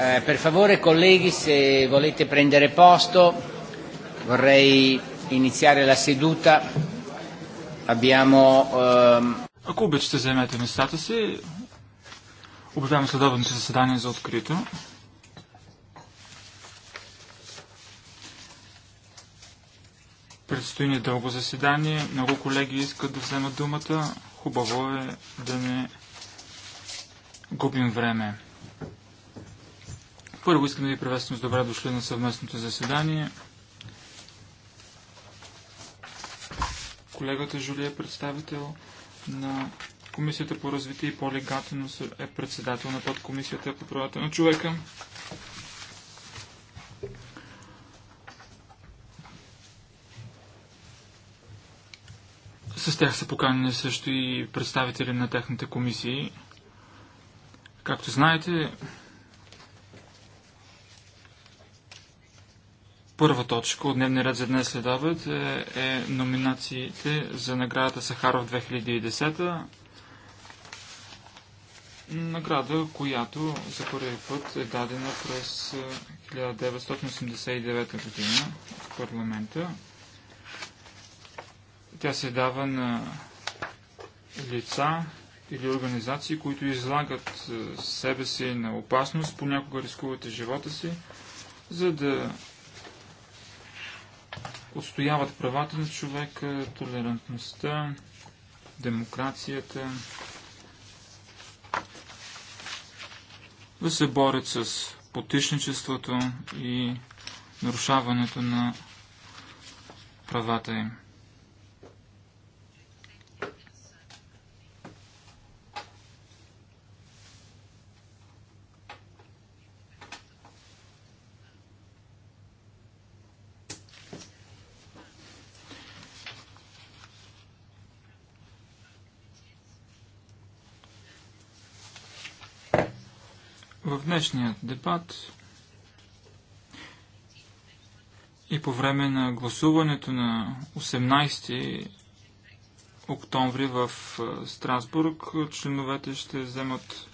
Eh, per favore colleghi, se volete prendere posto, vorrei iniziare la seduta. Abbiamo... Ehm... Ако обичате, займете местата си. Обявявам следобедното заседание за открито. Предстои ни дълго заседание. Много колеги искат да вземат думата. Хубаво е да не губим време. Първо искам да ви приветствам с добре дошли на съвместното заседание. Колегата Жулия, е представител на Комисията по развитие и полигатеност е председател на подкомисията по правата на човека. С тях са поканени също и представители на техните комисии. Както знаете, Първа точка от дневния ред за днес след обед е, е номинациите за наградата Сахаров 2010. Награда, която за първи път е дадена през 1989 е, година в парламента. Тя се дава на лица или организации, които излагат е, себе си на опасност, понякога рискуват живота си, за да отстояват правата на човека, толерантността, демокрацията, да се борят с потишничеството и нарушаването на правата им. днешният дебат и по време на гласуването на 18 октомври в Страсбург членовете ще вземат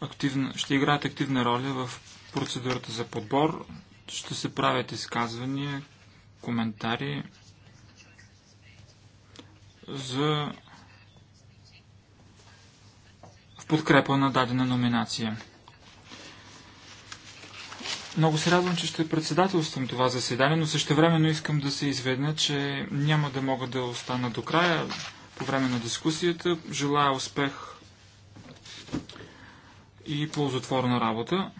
активна, ще играят активна роля в процедурата за подбор. Ще се правят изказвания, коментари за в подкрепа на дадена номинация. Много се радвам, че ще председателствам това заседание, но същевременно искам да се изведна, че няма да мога да остана до края по време на дискусията. Желая успех и ползотворна работа.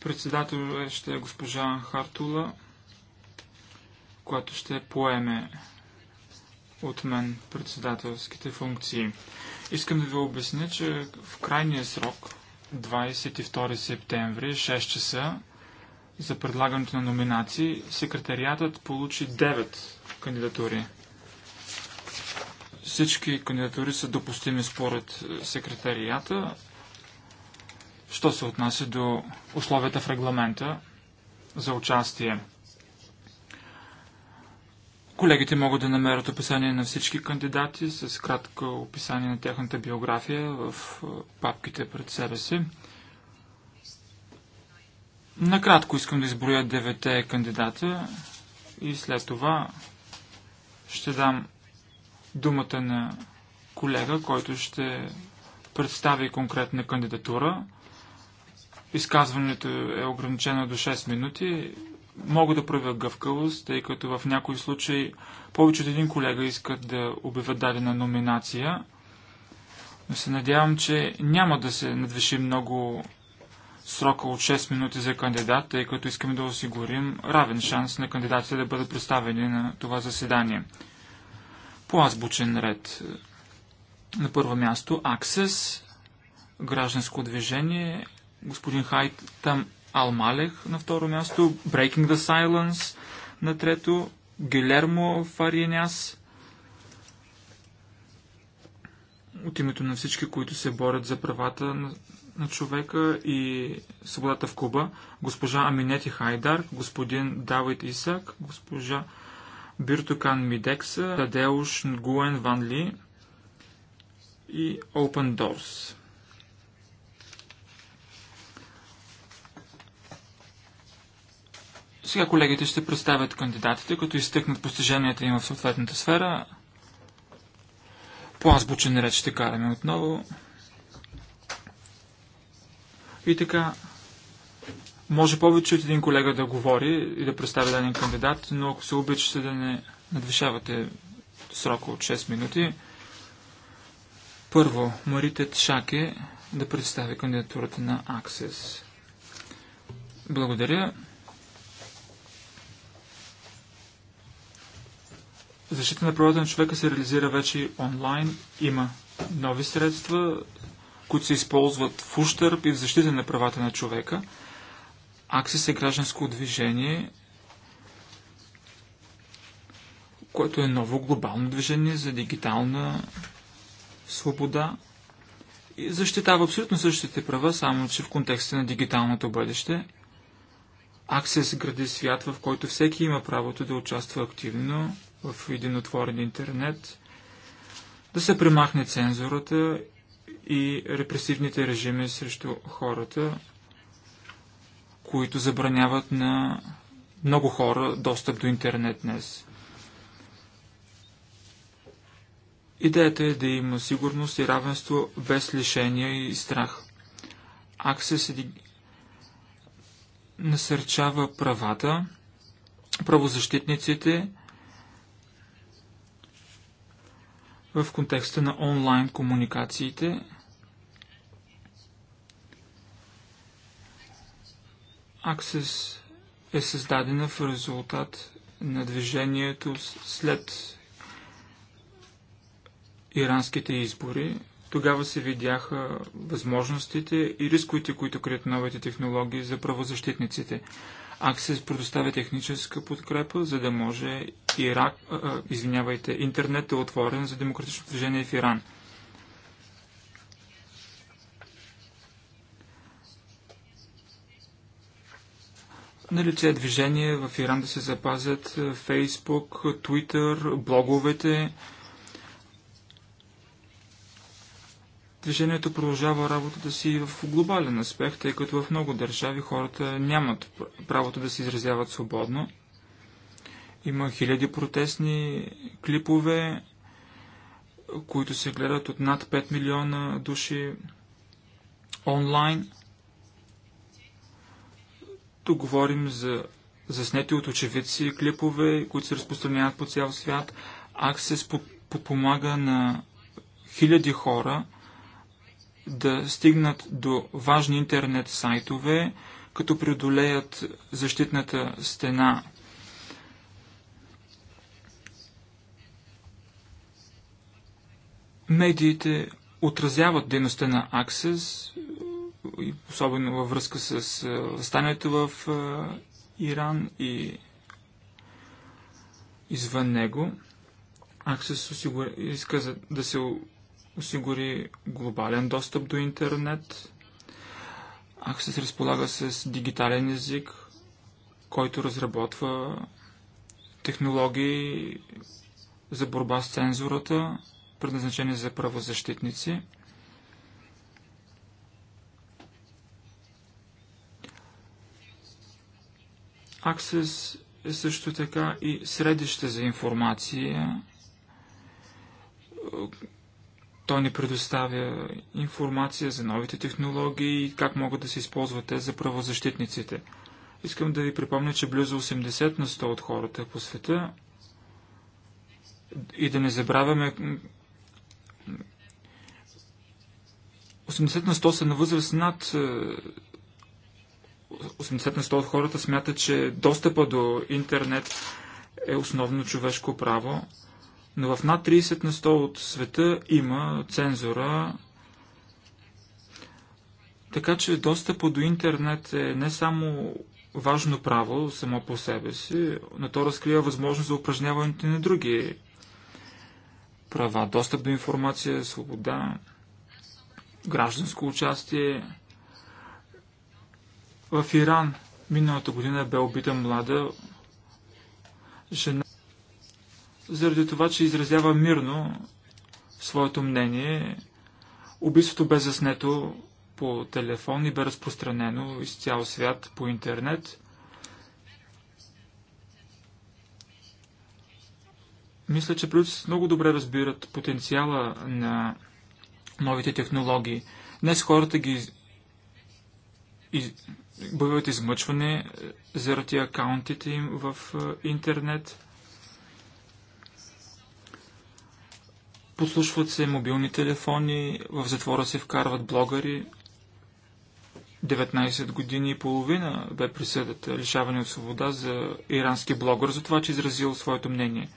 Председател ще е госпожа Хартула, която ще поеме от мен председателските функции. Искам да ви обясня, че в крайния срок 22 септември, 6 часа, за предлагането на номинации, секретариатът получи 9 кандидатури. Всички кандидатури са допустими според е, секретарията. Що се отнася до условията в регламента за участие? Колегите могат да намерят описание на всички кандидати с кратко описание на тяхната биография в папките пред себе си. Накратко искам да изброя девете кандидата и след това ще дам думата на колега, който ще представи конкретна кандидатура. Изказването е ограничено до 6 минути мога да правя гъвкавост, тъй като в някои случаи повече от един колега искат да обявят дадена номинация, но се надявам, че няма да се надвиши много срока от 6 минути за кандидат, тъй като искаме да осигурим равен шанс на кандидатите да бъдат представени на това заседание. По азбучен ред. На първо място Аксес, гражданско движение, господин Хайт там. Алмалех на второ място, Breaking the Silence на трето, Гилермо Фариеняс от името на всички, които се борят за правата на, на човека и свободата в Куба, госпожа Аминети Хайдар, господин Давид Исак, госпожа Биртокан Мидекса, Тадеуш Нгуен Ван Ли и Open Doors. Сега колегите ще представят кандидатите, като изтъкнат постиженията им в съответната сфера. По азбучен ред ще караме отново. И така, може повече от един колега да говори и да представи даден кандидат, но ако се обичате да не надвишавате срока от 6 минути, първо Марите Шаке да представи кандидатурата на Аксес. Благодаря. Защита на правата на човека се реализира вече онлайн. Има нови средства, които се използват в ущърп и в защита на правата на човека. Аксис е гражданско движение, което е ново глобално движение за дигитална свобода и защитава абсолютно същите права, само че в контекста на дигиталното бъдеще. Аксис гради свят, в който всеки има правото да участва активно в един отворен интернет, да се примахне цензурата и репресивните режими срещу хората, които забраняват на много хора достъп до интернет днес. Идеята е да има сигурност и равенство без лишения и страх. Аксес се насърчава правата, правозащитниците в контекста на онлайн комуникациите. Access е създадена в резултат на движението след иранските избори. Тогава се видяха възможностите и рисковете, които крият новите технологии за правозащитниците. Аксес предоставя техническа подкрепа, за да може Ирак, а, извинявайте, интернет е отворен за демократично движение в Иран. Налице е движение в Иран да се запазят Facebook, Twitter, блоговете. Движението продължава работата си в глобален аспект, тъй като в много държави хората нямат правото да се изразяват свободно. Има хиляди протестни клипове, които се гледат от над 5 милиона души онлайн. Тук говорим за заснети от очевидци клипове, които се разпространяват по цял свят. Аксес подпомага на хиляди хора да стигнат до важни интернет сайтове, като преодолеят защитната стена Медиите отразяват дейността на Аксес, особено във връзка с възстанието в Иран и извън него. Аксес осигур... иска да се осигури глобален достъп до интернет. Аксес разполага с дигитален език, който разработва технологии за борба с цензурата, предназначени за правозащитници. Аксес е също така и средище за информация. Той ни предоставя информация за новите технологии и как могат да се използват те за правозащитниците. Искам да ви припомня, че близо 80 на 100 от хората по света и да не забравяме 80 на 100 са на възраст над 80 е, на 100 от хората смятат, че достъпа до интернет е основно човешко право, но в над 30 на 100 от света има цензура, така че достъпа до интернет е не само важно право само по себе си, но то разкрива възможност за упражняването на други права. Достъп до информация, свобода, гражданско участие. В Иран миналата година бе убита млада жена заради това, че изразява мирно своето мнение. Убийството бе заснето по телефон и бе разпространено из цял свят по интернет. Мисля, че плюс много добре разбират потенциала на новите технологии. Днес хората ги из... бъдат измъчване заради акаунтите им в е, интернет. Послушват се мобилни телефони, в затвора се вкарват блогъри. 19 години и половина бе присъдата лишаване от свобода за ирански блогър за това, че изразил своето мнение.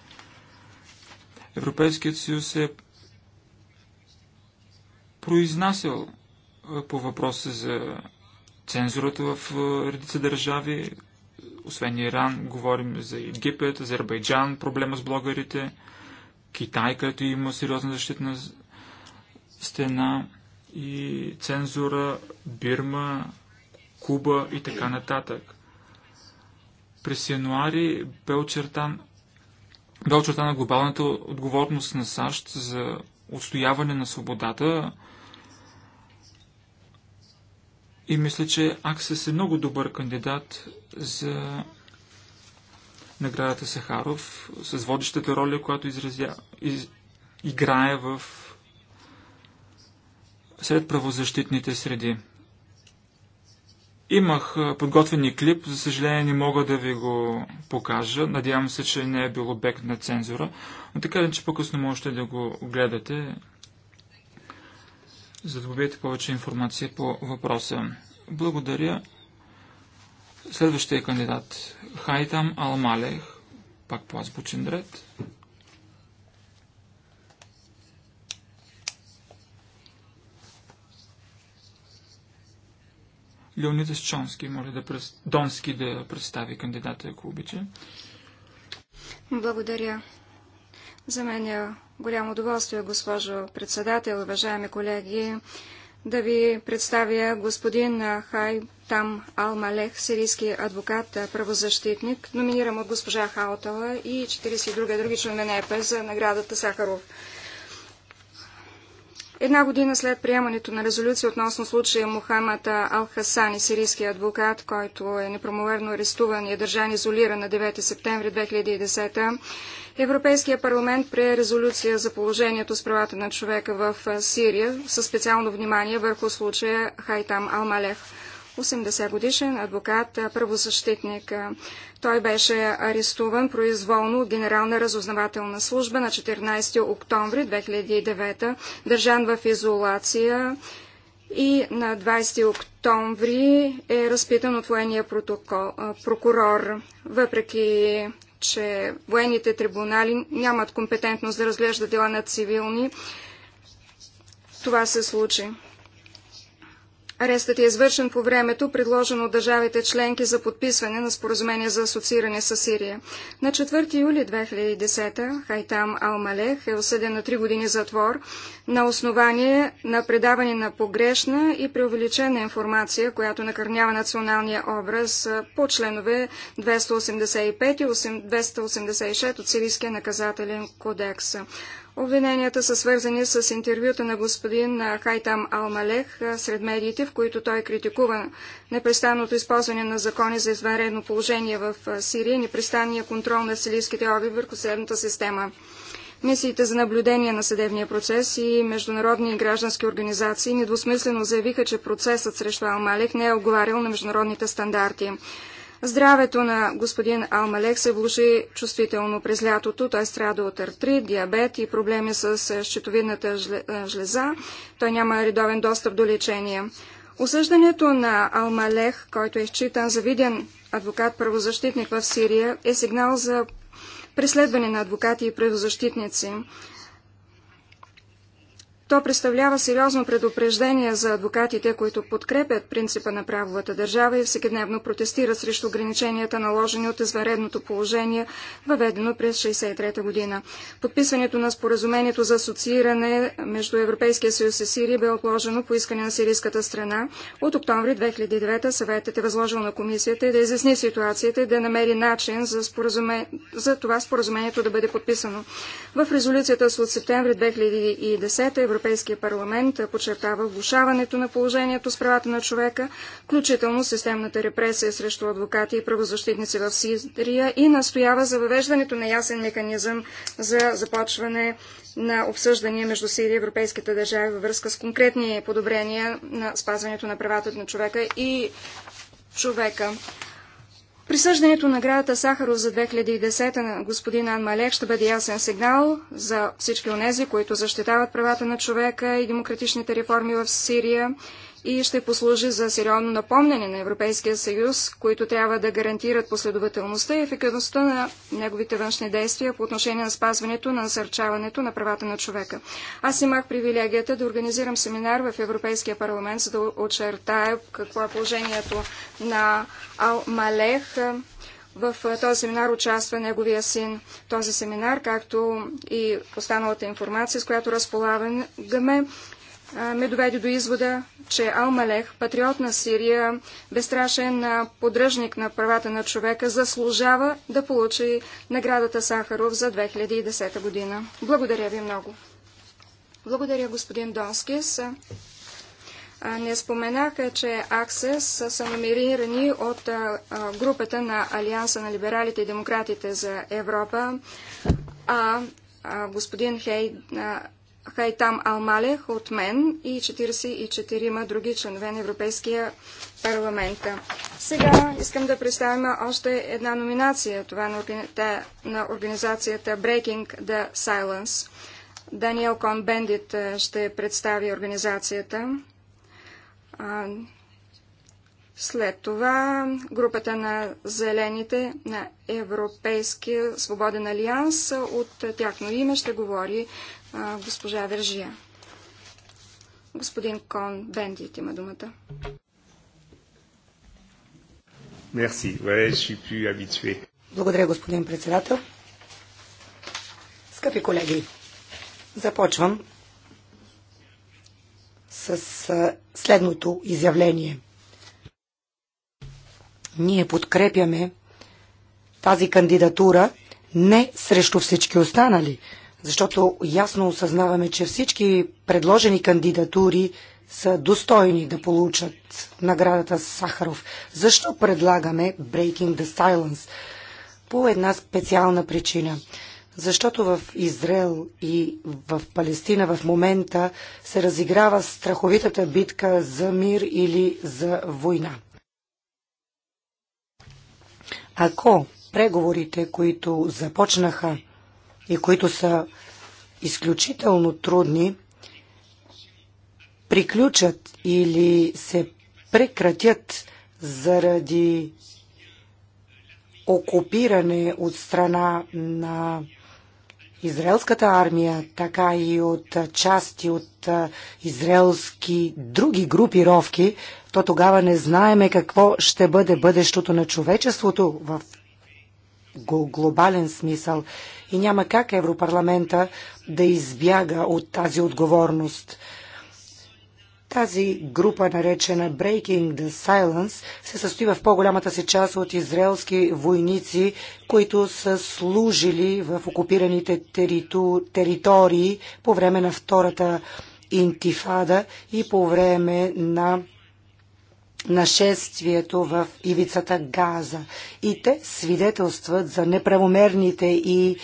Европейският съюз е произнасял е, по въпроса за цензурата в е, редица държави. Освен Иран, говорим за Египет, Азербайджан, проблема с блогерите, Китай, където има сериозна защитна стена и цензура, Бирма, Куба и така нататък. През януари бе очертан бе очертана глобалната отговорност на САЩ за отстояване на свободата и мисля, че Аксес е много добър кандидат за наградата Сахаров с водещата роля, която изразя, из, играе в сред правозащитните среди. Имах подготвени клип, за съжаление не мога да ви го покажа. Надявам се, че не е бил обект на цензура, но така ли, че по-късно можете да го гледате за да добиете повече информация по въпроса. Благодаря. Следващия кандидат Хайтам Алмалех, пак по азбучен ред. Леонид Чонски, моля да Донски да представи кандидата, ако обича. Благодаря, за мен е голямо удоволствие, госпожо председател, уважаеми колеги, да ви представя господин Хай Там Алмалех, сирийски адвокат, правозащитник, номинирам от госпожа Хаутала и 42 други членове на ЕП за наградата Сахаров. Една година след приемането на резолюция относно случая Мохамад Ал-Хасани, сирийски адвокат, който е непромоверно арестуван и е държан изолиран на 9 септември 2010 Европейския парламент прие резолюция за положението с правата на човека в Сирия със специално внимание върху случая Хайтам Алмалех. 80 годишен адвокат, правозащитник. Той беше арестуван произволно от Генерална разузнавателна служба на 14 октомври 2009, държан в изолация и на 20 октомври е разпитан от военния протокол, прокурор. Въпреки че военните трибунали нямат компетентност да разглеждат дела на цивилни, това се случи. Арестът е извършен по времето, предложено от държавите членки за подписване на споразумение за асоцииране с Сирия. На 4 юли 2010 Хайтам Алмалех е осъден на 3 години затвор на основание на предаване на погрешна и преувеличена информация, която накърнява националния образ по членове 285 и 286 от Сирийския наказателен кодекс. Обвиненията са свързани с интервюта на господин Хайтам Алмалех сред медиите, в които той критикува непрестанното използване на закони за извънредно положение в Сирия и непрестанния контрол на сирийските органи върху съдебната система. Мисиите за наблюдение на съдебния процес и международни и граждански организации недвусмислено заявиха, че процесът срещу Алмалех не е отговарял на международните стандарти. Здравето на господин Алмалек се влуши чувствително през лятото. Той страда от артрит, диабет и проблеми с е, щитовидната е, жлеза. Той няма редовен достъп до лечение. Осъждането на Алмалех, който е считан за виден адвокат-правозащитник в Сирия, е сигнал за преследване на адвокати и правозащитници. То представлява сериозно предупреждение за адвокатите, които подкрепят принципа на правовата държава и всекидневно протестират срещу ограниченията, наложени от изваредното положение, въведено през 1963 година. Подписването на споразумението за асоцииране между Европейския съюз и Сирия бе отложено по искане на сирийската страна. От октомври 2009 съветът е възложил на комисията да изясни ситуацията и да намери начин за, споразуме... за това споразумението да бъде подписано. В резолюцията от септември 2010 Европейския Европейския парламент подчертава влушаването на положението с правата на човека, включително системната репресия срещу адвокати и правозащитници в Сирия и настоява за въвеждането на ясен механизъм за започване на обсъждания между Сирия и европейските държави във връзка с конкретни подобрения на спазването на правата на човека и човека. Присъждането на наградата Сахаров за 2010 на господин Ан Малек ще бъде ясен сигнал за всички онези, които защитават правата на човека и демократичните реформи в Сирия и ще послужи за сериозно напомнене на Европейския съюз, които трябва да гарантират последователността и ефективността на неговите външни действия по отношение на спазването на насърчаването на правата на човека. Аз имах привилегията да организирам семинар в Европейския парламент, за да очертая какво е положението на Ал Малех. В този семинар участва неговия син. Този семинар, както и останалата информация, с която разполагаме, ме доведе до извода, че Алмалех, патриот на Сирия, безстрашен подръжник на правата на човека, заслужава да получи наградата Сахаров за 2010 година. Благодаря ви много. Благодаря, господин Донскис. Не споменаха, че Аксес са номерирани от групата на Алианса на либералите и демократите за Европа, а господин Хей Хайтам Алмалех от мен и 44-ма други членове на Европейския парламент. Сега искам да представим още една номинация, това е на, органи... на организацията Breaking the Silence. Даниел Кон Бендит е, ще представи организацията. След това групата на зелените на Европейския свободен алианс от тяхно име ще говори а, госпожа Вержия. Господин Кон Бендит има думата. Благодаря, господин председател. Скъпи колеги, започвам с следното изявление. Ние подкрепяме тази кандидатура не срещу всички останали, защото ясно осъзнаваме, че всички предложени кандидатури са достойни да получат наградата Сахаров. Защо предлагаме Breaking the Silence? По една специална причина. Защото в Израел и в Палестина в момента се разиграва страховитата битка за мир или за война. Ако преговорите, които започнаха и които са изключително трудни, приключат или се прекратят заради окупиране от страна на израелската армия, така и от части от израелски други групировки, то тогава не знаеме какво ще бъде бъдещето на човечеството в глобален смисъл и няма как Европарламента да избяга от тази отговорност. Тази група, наречена Breaking the Silence, се състои в по-голямата си част от израелски войници, които са служили в окупираните териту... територии по време на Втората интифада и по време на нашествието в ивицата Газа. И те свидетелстват за неправомерните и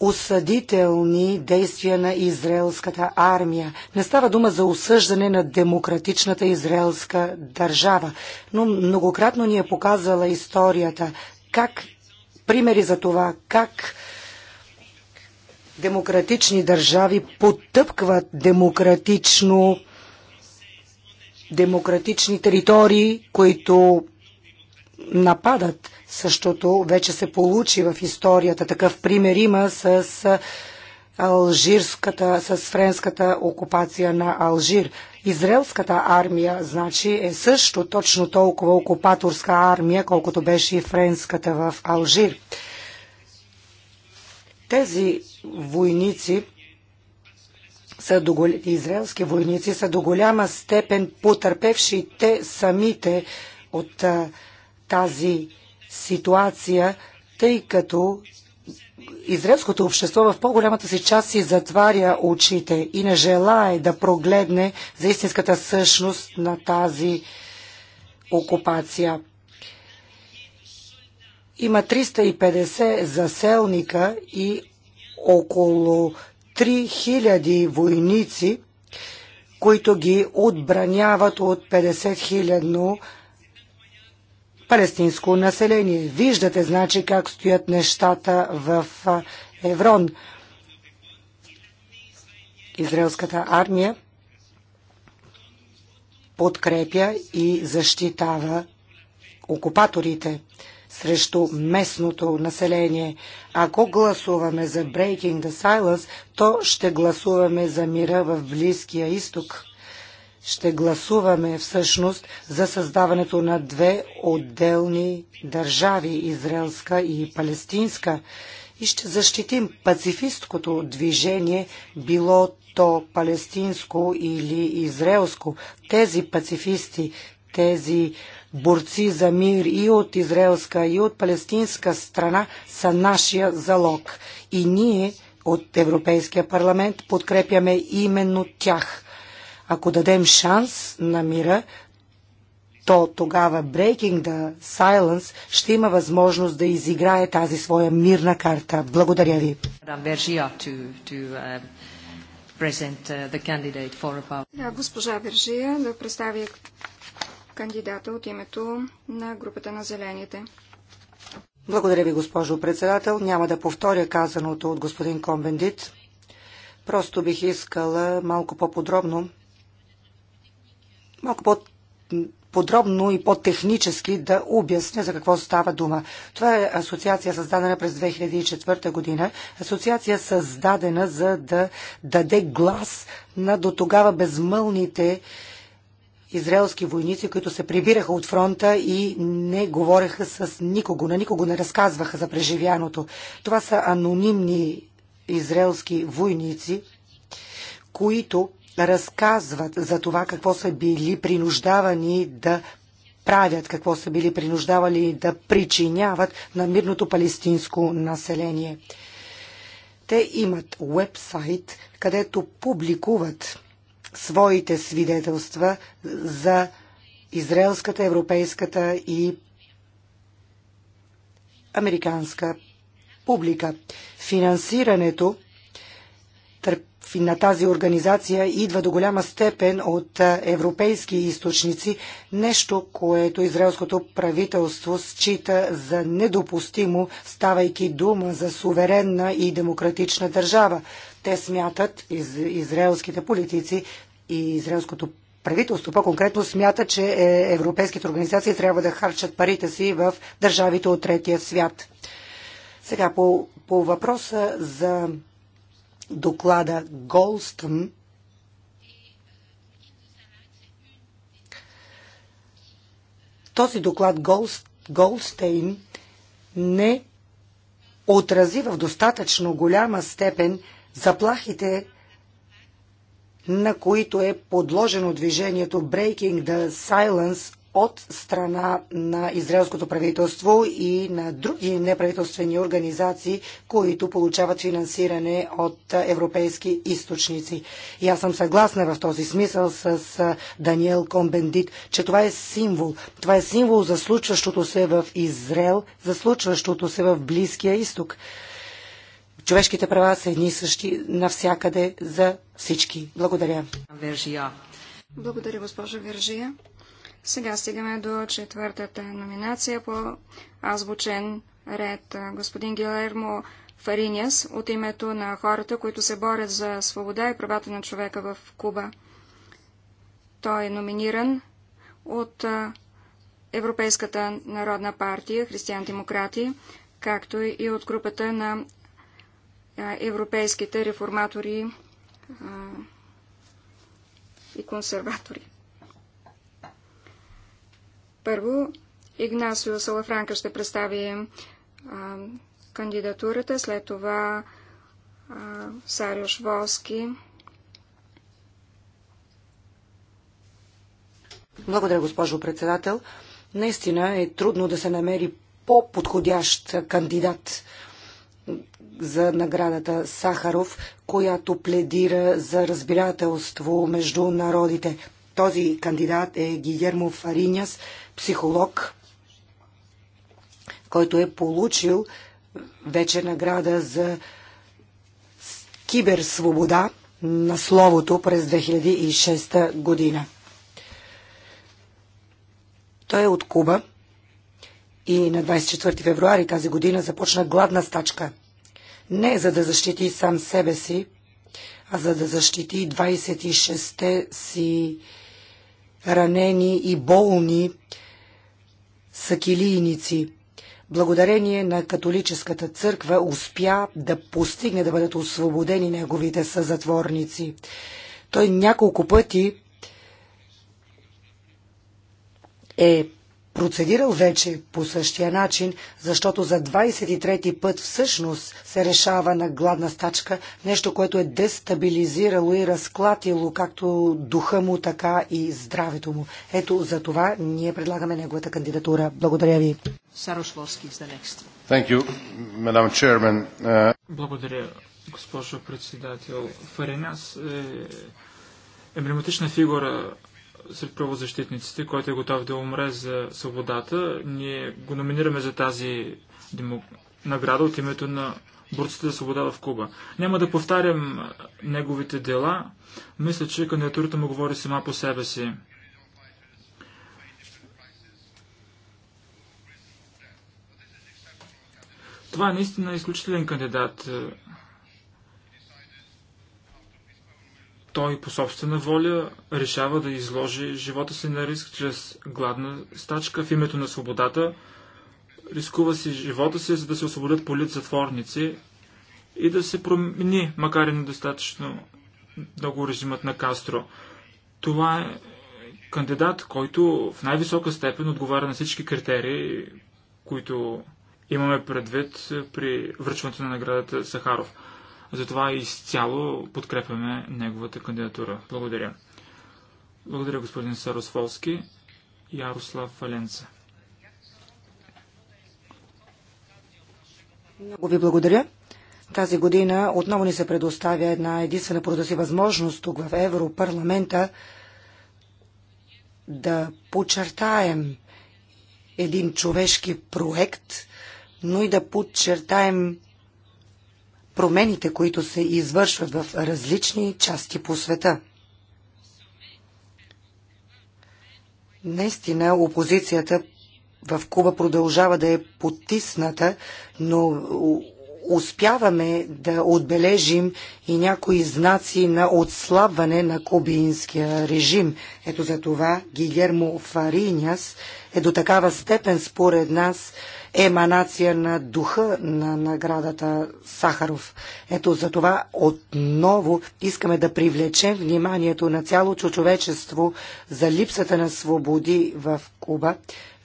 осъдителни действия на израелската армия. Не става дума за осъждане на демократичната израелска държава, но многократно ни е показала историята как примери за това, как демократични държави потъпкват демократично демократични територии, които нападат. Същото вече се получи в историята. Такъв пример има с алжирската, с френската окупация на Алжир. Израелската армия, значи, е също точно толкова окупаторска армия, колкото беше и френската в Алжир. Тези войници са до, гол... израелски войници са до голяма степен потърпевши те самите от а, тази ситуация, тъй като израелското общество в по-голямата си част си затваря очите и не желае да прогледне за истинската същност на тази окупация. Има 350 заселника и около 3000 войници, които ги отбраняват от 50 хилядно палестинско население. Виждате, значи, как стоят нещата в Еврон. Израелската армия подкрепя и защитава окупаторите срещу местното население. Ако гласуваме за Breaking the Silence, то ще гласуваме за мира в Близкия изток. Ще гласуваме всъщност за създаването на две отделни държави, израелска и палестинска и ще защитим пацифисткото движение, било то палестинско или израелско. Тези пацифисти, тези борци за мир и от израелска, и от палестинска страна са нашия залог. И ние от Европейския парламент подкрепяме именно тях. Ако дадем шанс на мира, то тогава Breaking the Silence ще има възможност да изиграе тази своя мирна карта. Благодаря ви. Uh, uh, да, госпожа Вержия да представи кандидата от името на групата на зелените. Благодаря ви, госпожо председател. Няма да повторя казаното от господин Комбендит. Просто бих искала малко по-подробно, малко по подробно и по-технически да обясня за какво става дума. Това е асоциация създадена през 2004 година. Асоциация създадена за да даде глас на до тогава безмълните израелски войници, които се прибираха от фронта и не говореха с никого, на никого не разказваха за преживяното. Това са анонимни израелски войници, които разказват за това какво са били принуждавани да правят, какво са били принуждавали да причиняват на мирното палестинско население. Те имат уебсайт, където публикуват своите свидетелства за израелската, европейската и американска публика. Финансирането на тази организация идва до голяма степен от европейски източници, нещо, което израелското правителство счита за недопустимо, ставайки дума за суверенна и демократична държава. Те смятат, из, израелските политици и израелското правителство по-конкретно смята, че е, европейските организации трябва да харчат парите си в държавите от третия свят. Сега по, по въпроса за доклада Голстън, този доклад Голстейн не отрази в достатъчно голяма степен Заплахите, на които е подложено движението Breaking the Silence от страна на израелското правителство и на други неправителствени организации, които получават финансиране от европейски източници. И аз съм съгласна в този смисъл с Даниел Комбендит, че това е символ. Това е символ за случващото се в Израел, за случващото се в Близкия изток човешките права са едни и същи навсякъде за всички. Благодаря. Вержия. Благодаря, госпожа Вержия. Сега стигаме до четвъртата номинация по азбучен ред. Господин Гилермо Фариняс от името на хората, които се борят за свобода и правата на човека в Куба. Той е номиниран от Европейската народна партия Християн-демократи, както и от групата на европейските реформатори и консерватори. Първо, Игнасио Салафранка ще представи кандидатурата, след това Сариош Волски. Благодаря, госпожо председател. Наистина е трудно да се намери по-подходящ кандидат за наградата Сахаров, която пледира за разбирателство между народите. Този кандидат е Гиермо Фариняс, психолог, който е получил вече награда за киберсвобода на словото през 2006 година. Той е от Куба и на 24 февруари тази година започна гладна стачка – не за да защити сам себе си, а за да защити 26-те си ранени и болни сакилийници. Благодарение на католическата църква успя да постигне да бъдат освободени неговите съзатворници. Той няколко пъти е процедирал вече по същия начин, защото за 23-ти път всъщност се решава на гладна стачка нещо, което е дестабилизирало и разклатило както духа му, така и здравето му. Ето за това ние предлагаме неговата кандидатура. Благодаря ви. Uh, Благодаря, госпожо председател. Фаренас е емблематична фигура сред правозащитниците, който е готов да умре за свободата. Ние го номинираме за тази демо... награда от името на борците за свобода в Куба. Няма да повтарям неговите дела. Мисля, че кандидатурата му говори сама по себе си. Това е наистина изключителен кандидат той по собствена воля решава да изложи живота си на риск чрез гладна стачка в името на свободата, рискува си живота си, за да се освободят политзатворници и да се промени, макар и недостатъчно дълго режимът на Кастро. Това е кандидат, който в най-висока степен отговаря на всички критерии, които имаме предвид при връчването на наградата Сахаров. Затова изцяло подкрепяме неговата кандидатура. Благодаря. Благодаря господин Саросволски. Ярослав Валенца. Много ви благодаря. Тази година отново ни се предоставя една единствена порода си възможност тук в Европарламента да подчертаем един човешки проект, но и да подчертаем промените, които се извършват в различни части по света. Наистина опозицията в Куба продължава да е потисната, но успяваме да отбележим и някои знаци на отслабване на кубинския режим. Ето за това Гигермо Фариняс е до такава степен, според нас, еманация на духа на наградата Сахаров. Ето за това отново искаме да привлечем вниманието на цялото човечество за липсата на свободи в Куба,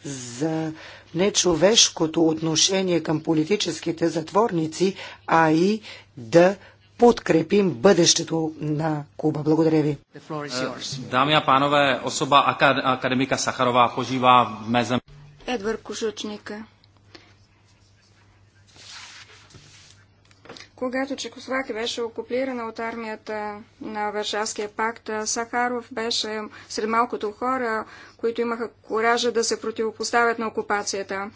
за нечовешкото отношение към политическите затворници, а и да подкрепим бъдещето на Куба. Благодаря ви. Е, дами и панове, особа академика Сахарова пожива в меза. Едвард Кушочника. Когато Чехословакия беше окупирана от армията на Варшавския пакт, Сахаров беше сред малкото хора, които имаха коража да се противопоставят на окупацията.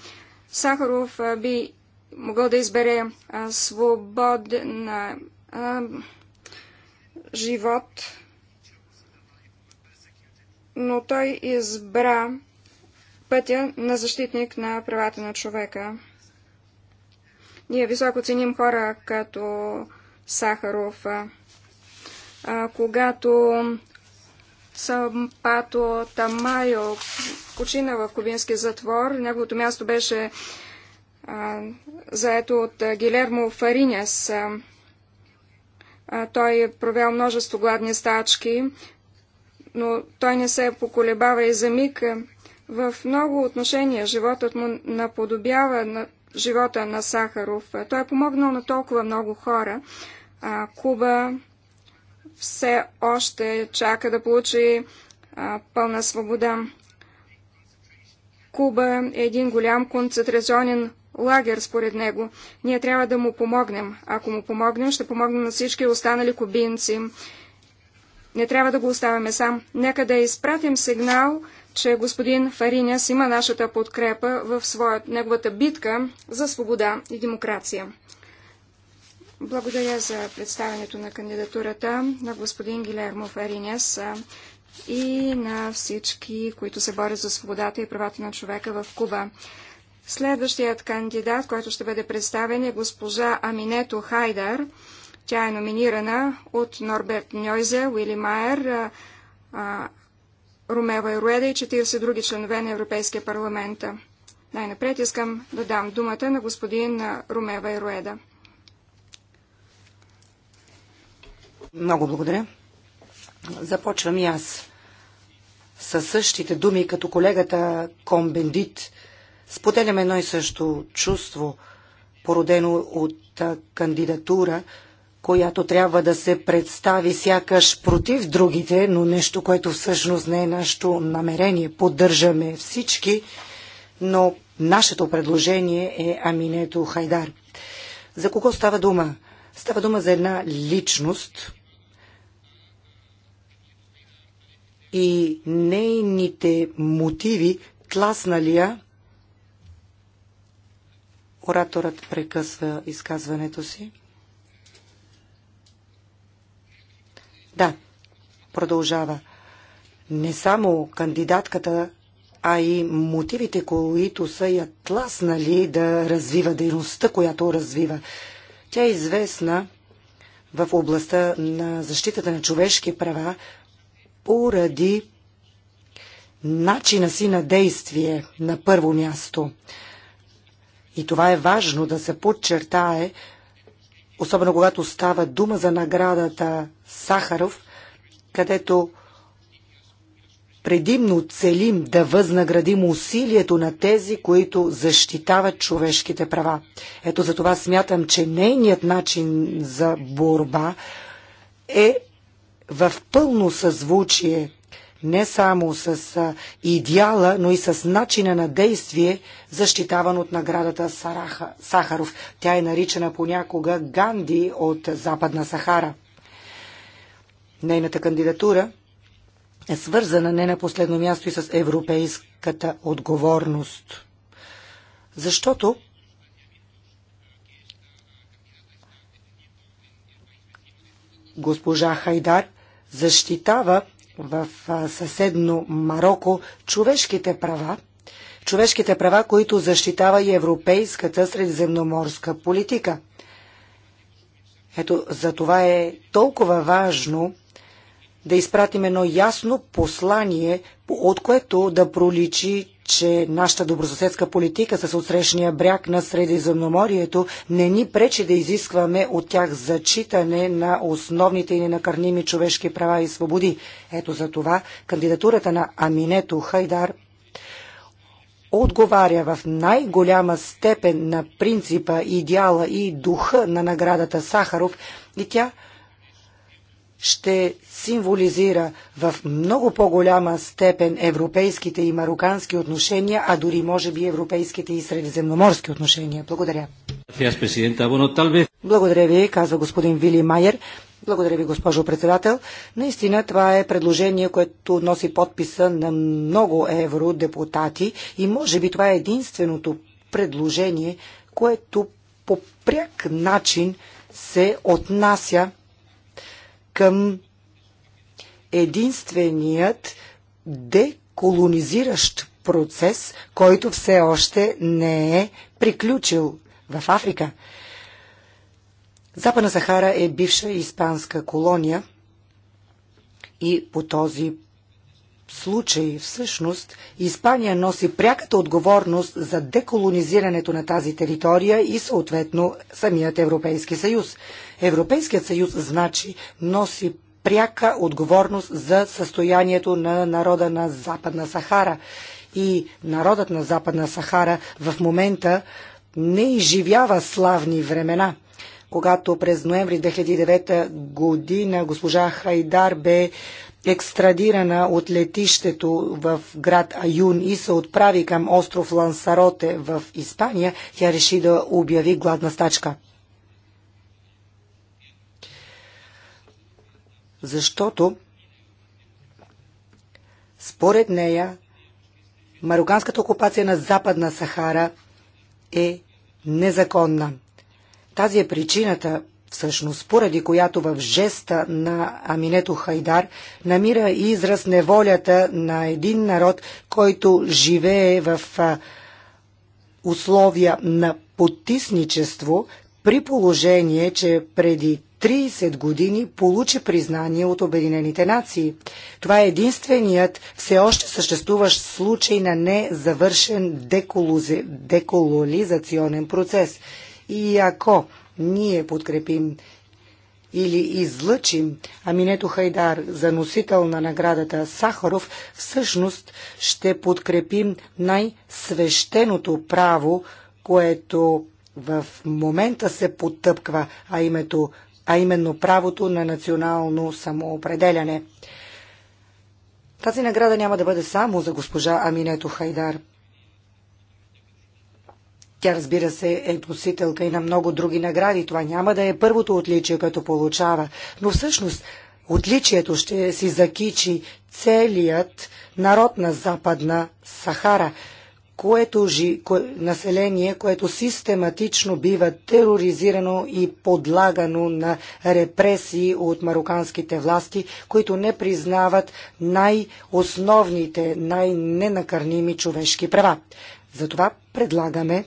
Сахаров би могъл да избере свободна а, живот, но той избра пътя на защитник на правата на човека. Ние високо ценим хора като Сахаров. А, когато Сампато Тамайо почина в кубински затвор, неговото място беше а, заето от Гилермо А, той е провел множество гладни стачки, но той не се поколебава и за миг. В много отношения животът му наподобява на живота на Сахаров. Той е помогнал на толкова много хора. Куба все още чака да получи пълна свобода. Куба е един голям концентрационен лагер, според него. Ние трябва да му помогнем. Ако му помогнем, ще помогнем на всички останали кубинци. Не трябва да го оставяме сам. Нека да изпратим сигнал, че господин Фариняс има нашата подкрепа в своят, неговата битка за свобода и демокрация. Благодаря за представянето на кандидатурата на господин Гилермо Фариняс и на всички, които се борят за свободата и правата на човека в Куба. Следващият кандидат, който ще бъде представен е госпожа Аминето Хайдар. Тя е номинирана от Норберт Ньойзе, Уили Майер, Румева Ируеда и 40 други членове на Европейския парламент. Най-напред искам да дам думата на господин Румева Ируеда. Много благодаря. Започвам и аз със същите думи като колегата Комбендит споделяме едно и също чувство, породено от кандидатура, която трябва да се представи сякаш против другите, но нещо, което всъщност не е нашето намерение. Поддържаме всички, но нашето предложение е Аминето Хайдар. За кого става дума? Става дума за една личност и нейните мотиви тласналия Ораторът прекъсва изказването си. Да, продължава. Не само кандидатката, а и мотивите, които са я тласнали да развива дейността, която развива. Тя е известна в областта на защитата на човешки права поради начина си на действие на първо място – и това е важно да се подчертае, особено когато става дума за наградата Сахаров, където предимно целим да възнаградим усилието на тези, които защитават човешките права. Ето за това смятам, че нейният начин за борба е в пълно съзвучие не само с идеала, но и с начина на действие, защитаван от наградата Сараха, Сахаров. Тя е наричана понякога Ганди от Западна Сахара. Нейната кандидатура е свързана не на последно място и с европейската отговорност. Защото госпожа Хайдар защитава в съседно Марокко човешките права, човешките права, които защитава и европейската средиземноморска политика. Ето, за това е толкова важно да изпратим едно ясно послание, от което да проличи, че нашата добросъседска политика с отсрещния бряг на Средиземноморието не ни пречи да изискваме от тях зачитане на основните и ненакърними човешки права и свободи. Ето за това кандидатурата на Аминето Хайдар отговаря в най-голяма степен на принципа, идеала и духа на наградата Сахаров и тя – ще символизира в много по-голяма степен европейските и марокански отношения, а дори може би европейските и средиземноморски отношения. Благодаря. Благодаря ви, казва господин Вили Майер. Благодаря ви, госпожо председател. Наистина това е предложение, което носи подписа на много евродепутати и може би това е единственото предложение, което по пряк начин се отнася към единственият деколонизиращ процес, който все още не е приключил в Африка. Западна Сахара е бивша испанска колония и по този случай всъщност Испания носи пряката отговорност за деколонизирането на тази територия и съответно самият Европейски съюз. Европейският съюз значи носи пряка отговорност за състоянието на народа на Западна Сахара. И народът на Западна Сахара в момента не изживява славни времена когато през ноември 2009 година госпожа Хайдар бе екстрадирана от летището в град Аюн и се отправи към остров Лансароте в Испания, тя реши да обяви гладна стачка. Защото според нея мароканската окупация на Западна Сахара е незаконна. Тази е причината, всъщност, поради която в жеста на Аминето Хайдар намира израз неволята на един народ, който живее в условия на потисничество, при положение, че преди 30 години получи признание от Обединените нации. Това е единственият все още съществуващ случай на незавършен деколузи... декололизационен процес. И ако ние подкрепим или излъчим Аминето Хайдар за носител на наградата Сахаров, всъщност ще подкрепим най-свещеното право, което в момента се потъпква, а, името, а именно правото на национално самоопределяне. Тази награда няма да бъде само за госпожа Аминето Хайдар – тя, разбира се, е носителка и на много други награди. Това няма да е първото отличие, което получава. Но всъщност отличието ще си закичи целият народ на Западна Сахара, което жи, кое, население, което систематично бива тероризирано и подлагано на репресии от мароканските власти, които не признават най-основните, най-ненакърними човешки права. Затова предлагаме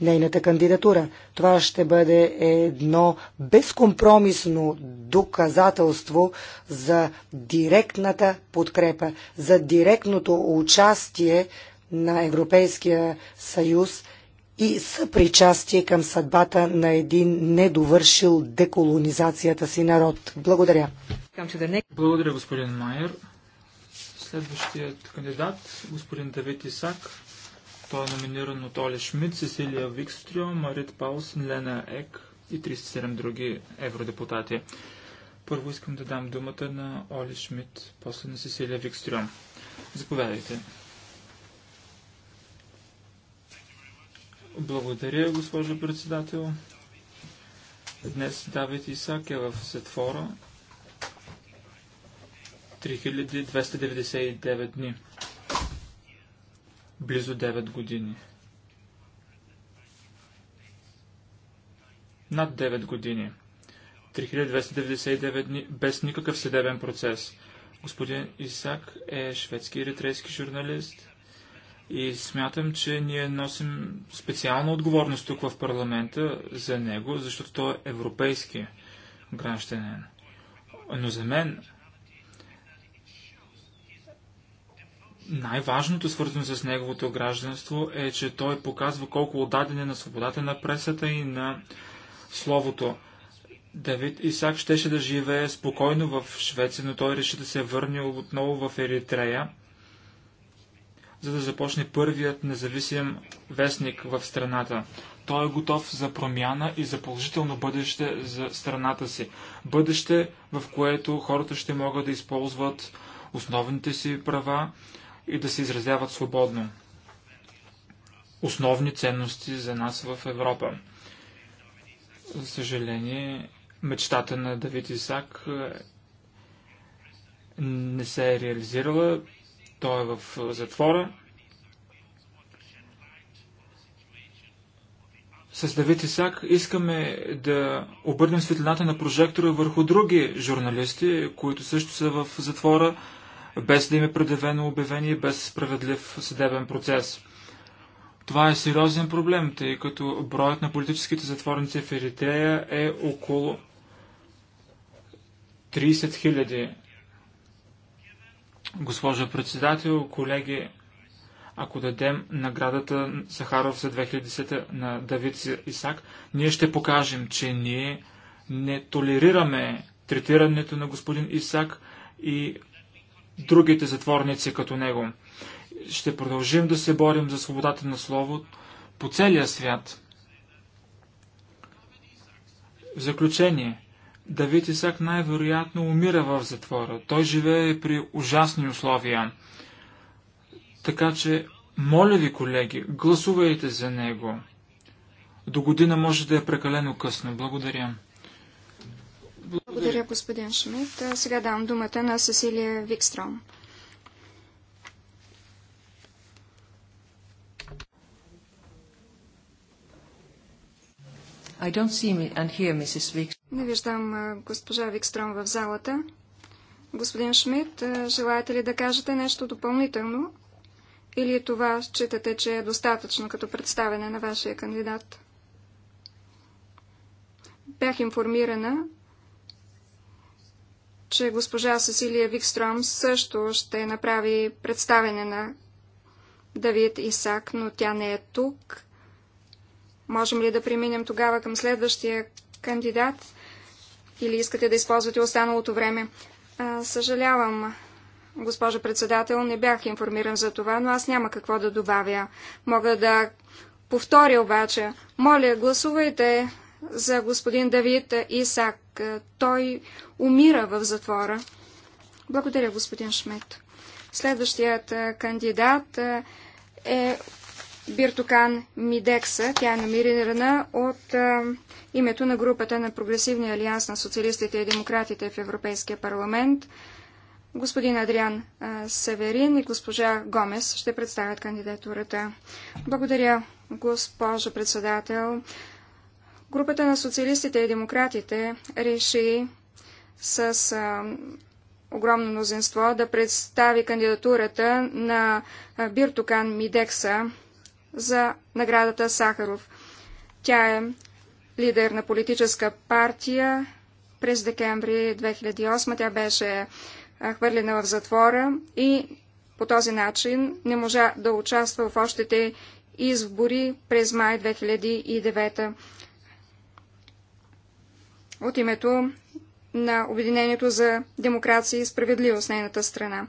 нейната кандидатура. Това ще бъде едно безкомпромисно доказателство за директната подкрепа, за директното участие на Европейския съюз и съпричастие към съдбата на един недовършил деколонизацията си народ. Благодаря. Благодаря, господин Майер. Следващият кандидат, господин Давид Исак, той е номиниран от Оле Шмидт, Сесилия Викстрио, Марит Паулсен, Лена Ек и 37 други евродепутати. Първо искам да дам думата на Оле Шмидт, после на Сесилия Викстрио. Заповядайте. Благодаря, госпожо председател. Днес Давид Исак е в затвора 3299 дни близо 9 години. Над 9 години. 3299 дни без никакъв съдебен процес. Господин Исак е шведски и ретрейски журналист и смятам, че ние носим специална отговорност тук в парламента за него, защото той е европейски гражданин. Но за мен Най-важното, свързано с неговото гражданство, е, че той показва колко отдаден е на свободата на пресата и на словото. Давид Исак щеше да живее спокойно в Швеция, но той реши да се върне отново в Еритрея, за да започне първият независим вестник в страната. Той е готов за промяна и за положително бъдеще за страната си. Бъдеще, в което хората ще могат да използват основните си права и да се изразяват свободно. Основни ценности за нас в Европа. За съжаление, мечтата на Давид Исак е, не се е реализирала. Той е в затвора. С Давид Исак искаме да обърнем светлината на прожектора върху други журналисти, които също са в затвора без да им е предявено обявение, без справедлив съдебен процес. Това е сериозен проблем, тъй като броят на политическите затворници в Еритрея е около 30 хиляди. Госпожа председател, колеги, ако дадем наградата Сахаров за 2010 на Давид Исак, ние ще покажем, че ние не толерираме третирането на господин Исак и другите затворници като него. Ще продължим да се борим за свободата на слово по целия свят. В заключение, Давид Исак най-вероятно умира в затвора. Той живее при ужасни условия. Така че, моля ви, колеги, гласувайте за него. До година може да е прекалено късно. Благодаря. Благодаря, господин Шмидт. Сега давам думата на Сесилия Викстром. I don't see me and hear Mrs. Не виждам госпожа Викстром в залата. Господин Шмидт, желаете ли да кажете нещо допълнително? Или това считате, че е достатъчно като представене на вашия кандидат? Бях информирана, че госпожа Сесилия Викстром също ще направи представене на Давид Исак, но тя не е тук. Можем ли да преминем тогава към следващия кандидат? Или искате да използвате останалото време? А, съжалявам, госпожа председател, не бях информиран за това, но аз няма какво да добавя. Мога да повторя обаче. Моля, гласувайте за господин Давид Исак. Той умира в затвора. Благодаря, господин Шмет. Следващият кандидат е Биртокан Мидекса. Тя е номинирана от името на групата на Прогресивния алианс на социалистите и демократите в Европейския парламент. Господин Адриан Северин и госпожа Гомес ще представят кандидатурата. Благодаря, госпожо председател. Групата на социалистите и демократите реши с а, огромно мнозинство да представи кандидатурата на Биртокан Мидекса за наградата Сахаров. Тя е лидер на политическа партия. През декември 2008 тя беше хвърлена в затвора и по този начин не можа да участва в общите избори през май 2009 от името на Обединението за демокрация и справедливост, нейната страна.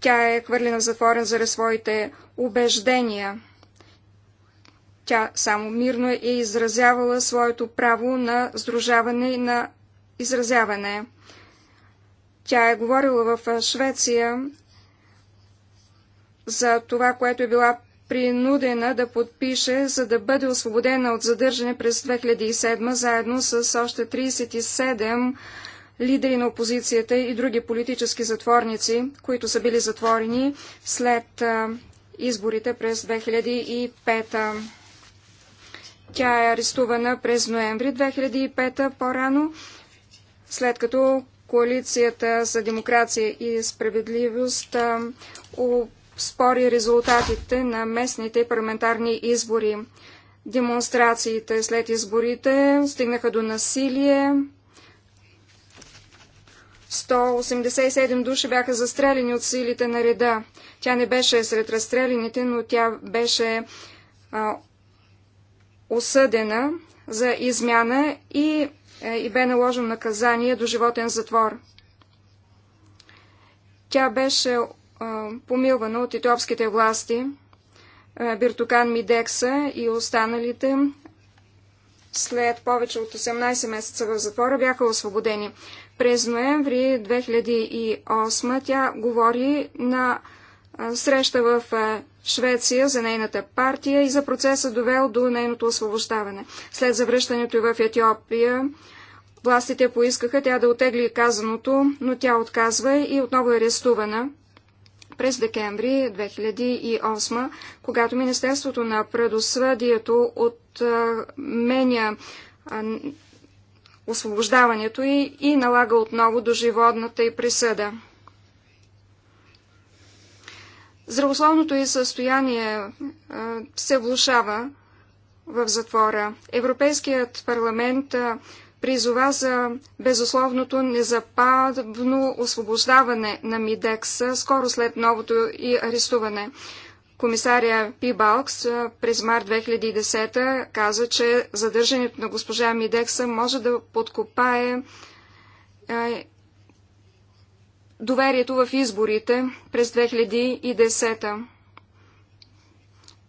Тя е хвърлена в затворен заради своите убеждения. Тя само мирно е изразявала своето право на сдружаване и на изразяване. Тя е говорила в Швеция за това, което е била принудена да подпише, за да бъде освободена от задържане през 2007, заедно с още 37 лидери на опозицията и други политически затворници, които са били затворени след изборите през 2005. Тя е арестувана през ноември 2005 по-рано, след като Коалицията за демокрация и справедливост спори резултатите на местните парламентарни избори. Демонстрациите след изборите стигнаха до насилие. 187 души бяха застрелени от силите на реда. Тя не беше сред разстрелените, но тя беше а, осъдена за измяна и, а, е, и бе наложено наказание до животен затвор. Тя беше помилвана от етиопските власти. Биртокан Мидекса и останалите след повече от 18 месеца в затвора бяха освободени. През ноември 2008 тя говори на среща в Швеция за нейната партия и за процеса довел до нейното освобождаване. След завръщането в Етиопия, властите поискаха тя да отегли казаното, но тя отказва и отново е арестувана през декември 2008, когато Министерството на предосъдието отменя освобождаването и, и налага отново до животната и присъда. Здравословното й състояние се влушава в затвора. Европейският парламент призова за безусловното незападно освобождаване на Мидекс скоро след новото и арестуване. Комисаря Пибалкс през март 2010 каза, че задържането на госпожа Мидекса може да подкопае е, доверието в изборите през 2010. -та.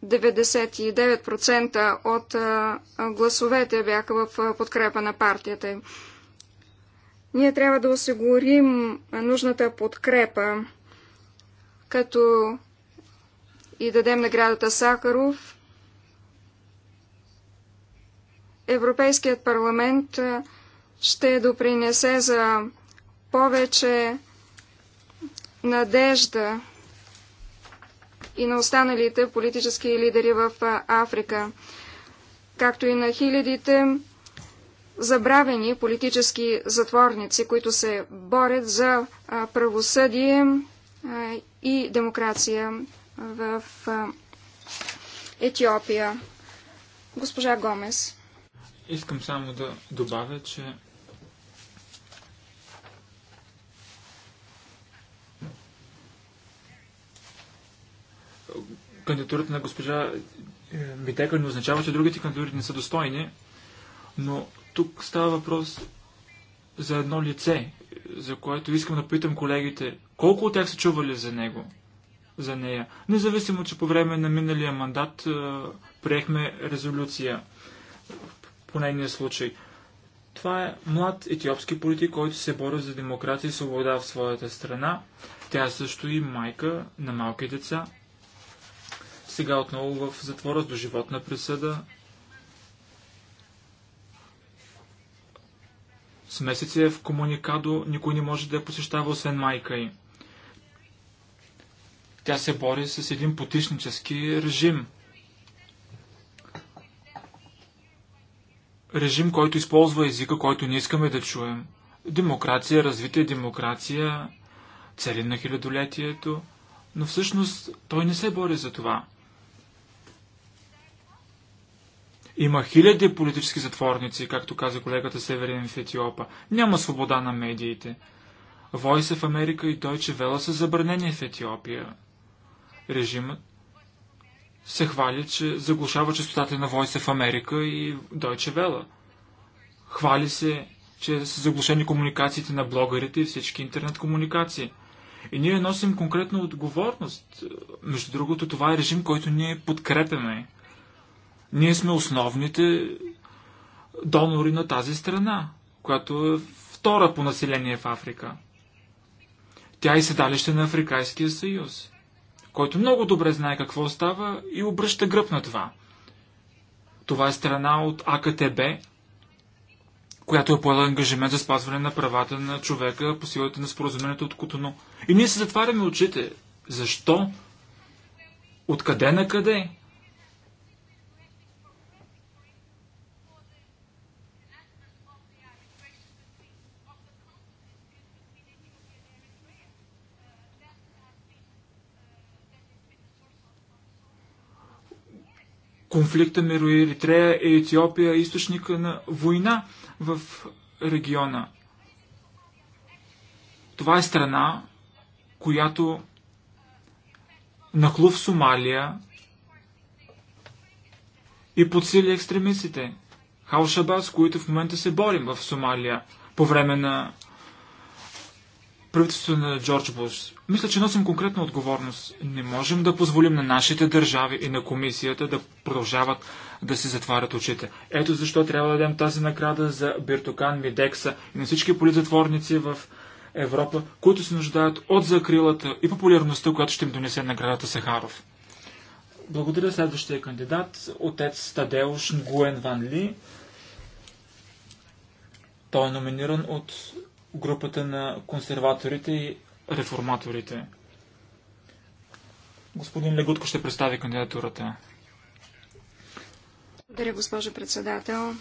99% от а, гласовете бяха в а, подкрепа на партията им. Ние трябва да осигурим нужната подкрепа, като и дадем наградата Сахаров. Европейският парламент ще допринесе за повече надежда и на останалите политически лидери в Африка, както и на хилядите забравени политически затворници, които се борят за правосъдие и демокрация в Етиопия. Госпожа Гомес. Искам само да добавя, че кандидатурата на госпожа Битека е, не означава, че другите кандидатури не са достойни, но тук става въпрос за едно лице, за което искам да питам колегите, колко от тях са чували за него, за нея. Независимо, че по време на миналия мандат е, приехме резолюция по нейния случай. Това е млад етиопски политик, който се бори за демокрация и свобода в своята страна. Тя също и майка на малки деца. Сега отново в затвора до животна присъда. С месеци е в комуникадо, никой не може да я посещава, освен майка й. Тя се бори с един потишнически режим. Режим, който използва езика, който не искаме да чуем. Демокрация, развитие демокрация, цели на хилядолетието, но всъщност той не се бори за това. Има хиляди политически затворници, както каза колегата Северин в Етиопа. Няма свобода на медиите. Войса в Америка и Deutsche Вела са забранени в Етиопия. Режимът се хвали, че заглушава частотата на Войса в Америка и Дойче Вела. Хвали се, че са заглушени комуникациите на блогърите и всички интернет комуникации. И ние носим конкретна отговорност. Между другото, това е режим, който ние подкрепяме. Ние сме основните донори на тази страна, която е втора по население в Африка. Тя е седалище на Африканския съюз, който много добре знае какво става и обръща гръб на това. Това е страна от АКТБ, която е поела ангажимент за спазване на правата на човека по силата на споразумението от Котоно. И ние се затваряме очите. Защо? Откъде на къде? конфликта между Еритрея и Етиопия е източника на война в региона. Това е страна, която нахлу в Сомалия и подсили екстремистите. Халшаба, с които в момента се борим в Сомалия по време на правителството на Джордж Буш. Мисля, че носим конкретна отговорност. Не можем да позволим на нашите държави и на комисията да продължават да се затварят очите. Ето защо трябва да дадем тази награда за Биртокан Мидекса и на всички политзатворници в Европа, които се нуждаят от закрилата и популярността, която ще им донесе наградата Сахаров. Благодаря следващия кандидат, отец Тадеуш Нгуен Ван Ли. Той е номиниран от групата на консерваторите и реформаторите. Господин Легутко ще представи кандидатурата. Благодаря, госпожо председател.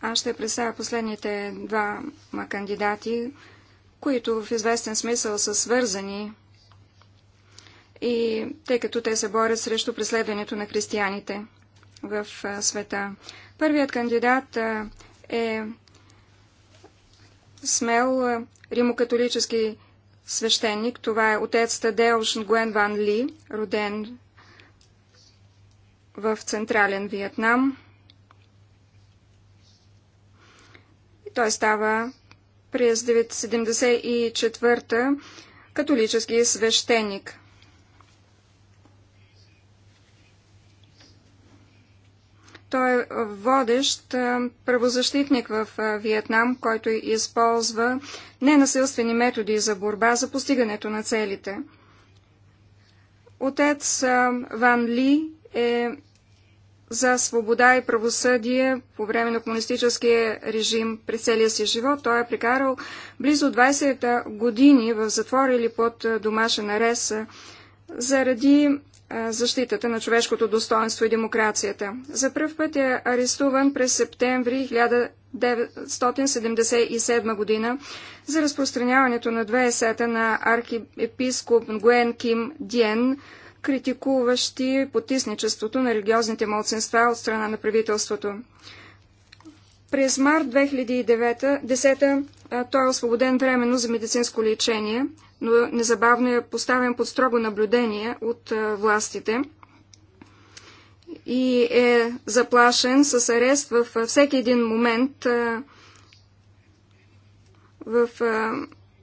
Аз ще представя последните два кандидати, които в известен смисъл са свързани и тъй като те се борят срещу преследването на християните в света. Първият кандидат е смел е, римокатолически свещеник. Това е отец Тадеуш Нгуен Ван Ли, роден в Централен Виетнам. И той става през 1974 католически свещеник – Той е водещ правозащитник в Виетнам, който използва ненасилствени методи за борба за постигането на целите. Отец Ван Ли е за свобода и правосъдие по време на комунистическия режим през целия си живот. Той е прекарал близо 20 години в затвора или под домашен арест заради защитата на човешкото достоинство и демокрацията. За пръв път е арестуван през септември 1977 година за разпространяването на две есета на архиепископ Гуен Ким Диен, критикуващи потисничеството на религиозните младсенства от страна на правителството. През март 2010 той е освободен временно за медицинско лечение, но незабавно е поставен под строго наблюдение от властите и е заплашен с арест във всеки един момент в,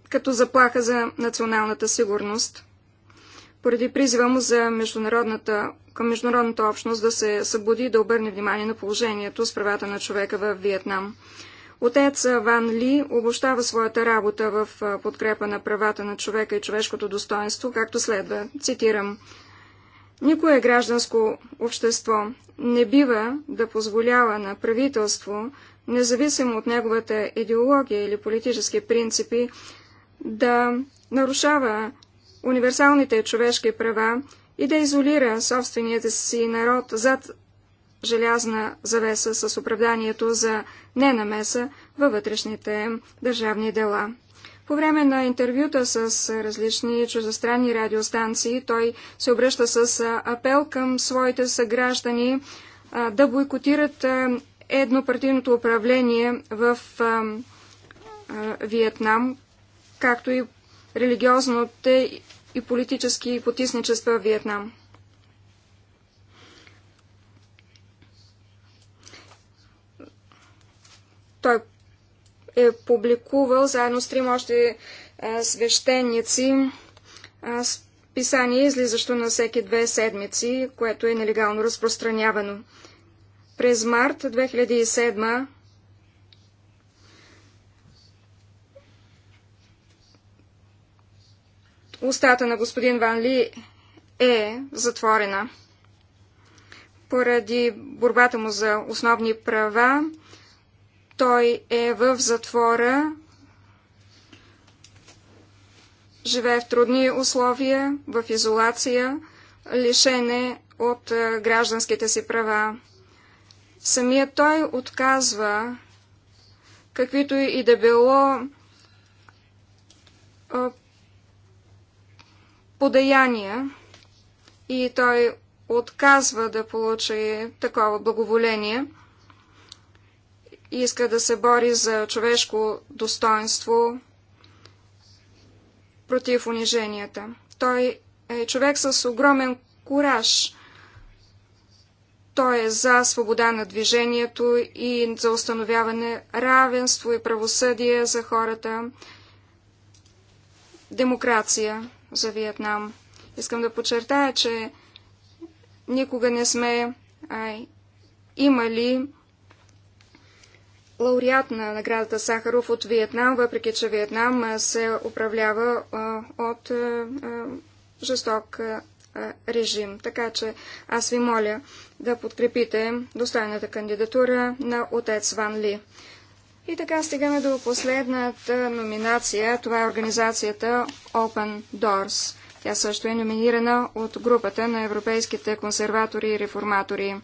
като заплаха за националната сигурност. Поради призива му за международната, към международната общност да се събуди и да обърне внимание на положението с правата на човека в Виетнам. Отец Ван Ли обощава своята работа в подкрепа на правата на човека и човешкото достоинство, както следва. Цитирам. Никое гражданско общество не бива да позволява на правителство, независимо от неговата идеология или политически принципи, да нарушава универсалните човешки права и да изолира собствените си народ зад желязна завеса с оправданието за ненамеса във вътрешните държавни дела. По време на интервюта с различни чуждестранни радиостанции той се обръща с апел към своите съграждани да бойкотират еднопартийното управление в Виетнам, както и религиозните и политически потисничества в Виетнам. Той е публикувал заедно с трима още свещеници писание, излизащо на всеки две седмици, което е нелегално разпространявано. През март 2007 устата на господин Ван Ли е затворена. Поради борбата му за основни права, той е в затвора, живее в трудни условия, в изолация, лишене от гражданските си права. Самият той отказва каквито и да било подаяния и той отказва да получи такова благоволение – и иска да се бори за човешко достоинство против униженията. Той е човек с огромен кураж. Той е за свобода на движението и за установяване равенство и правосъдие за хората, демокрация за Виетнам. Искам да подчертая, че никога не сме ай, имали лауреат на наградата Сахаров от Виетнам, въпреки че Виетнам се управлява от жесток режим. Така че аз ви моля да подкрепите достойната кандидатура на отец Ван Ли. И така стигаме до последната номинация. Това е организацията Open Doors. Тя също е номинирана от групата на европейските консерватори и реформатори.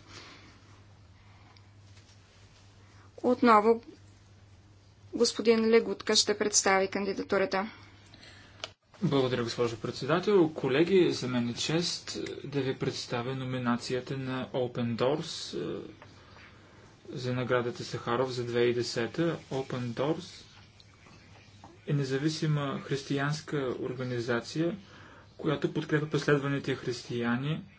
Отново господин Легутка ще представи кандидатурата. Благодаря, госпожо председател. Колеги, за мен е чест е, да ви представя номинацията на Open Doors е, за наградата Сахаров за 2010. Open Doors е независима християнска организация, която подкрепя последваните християни –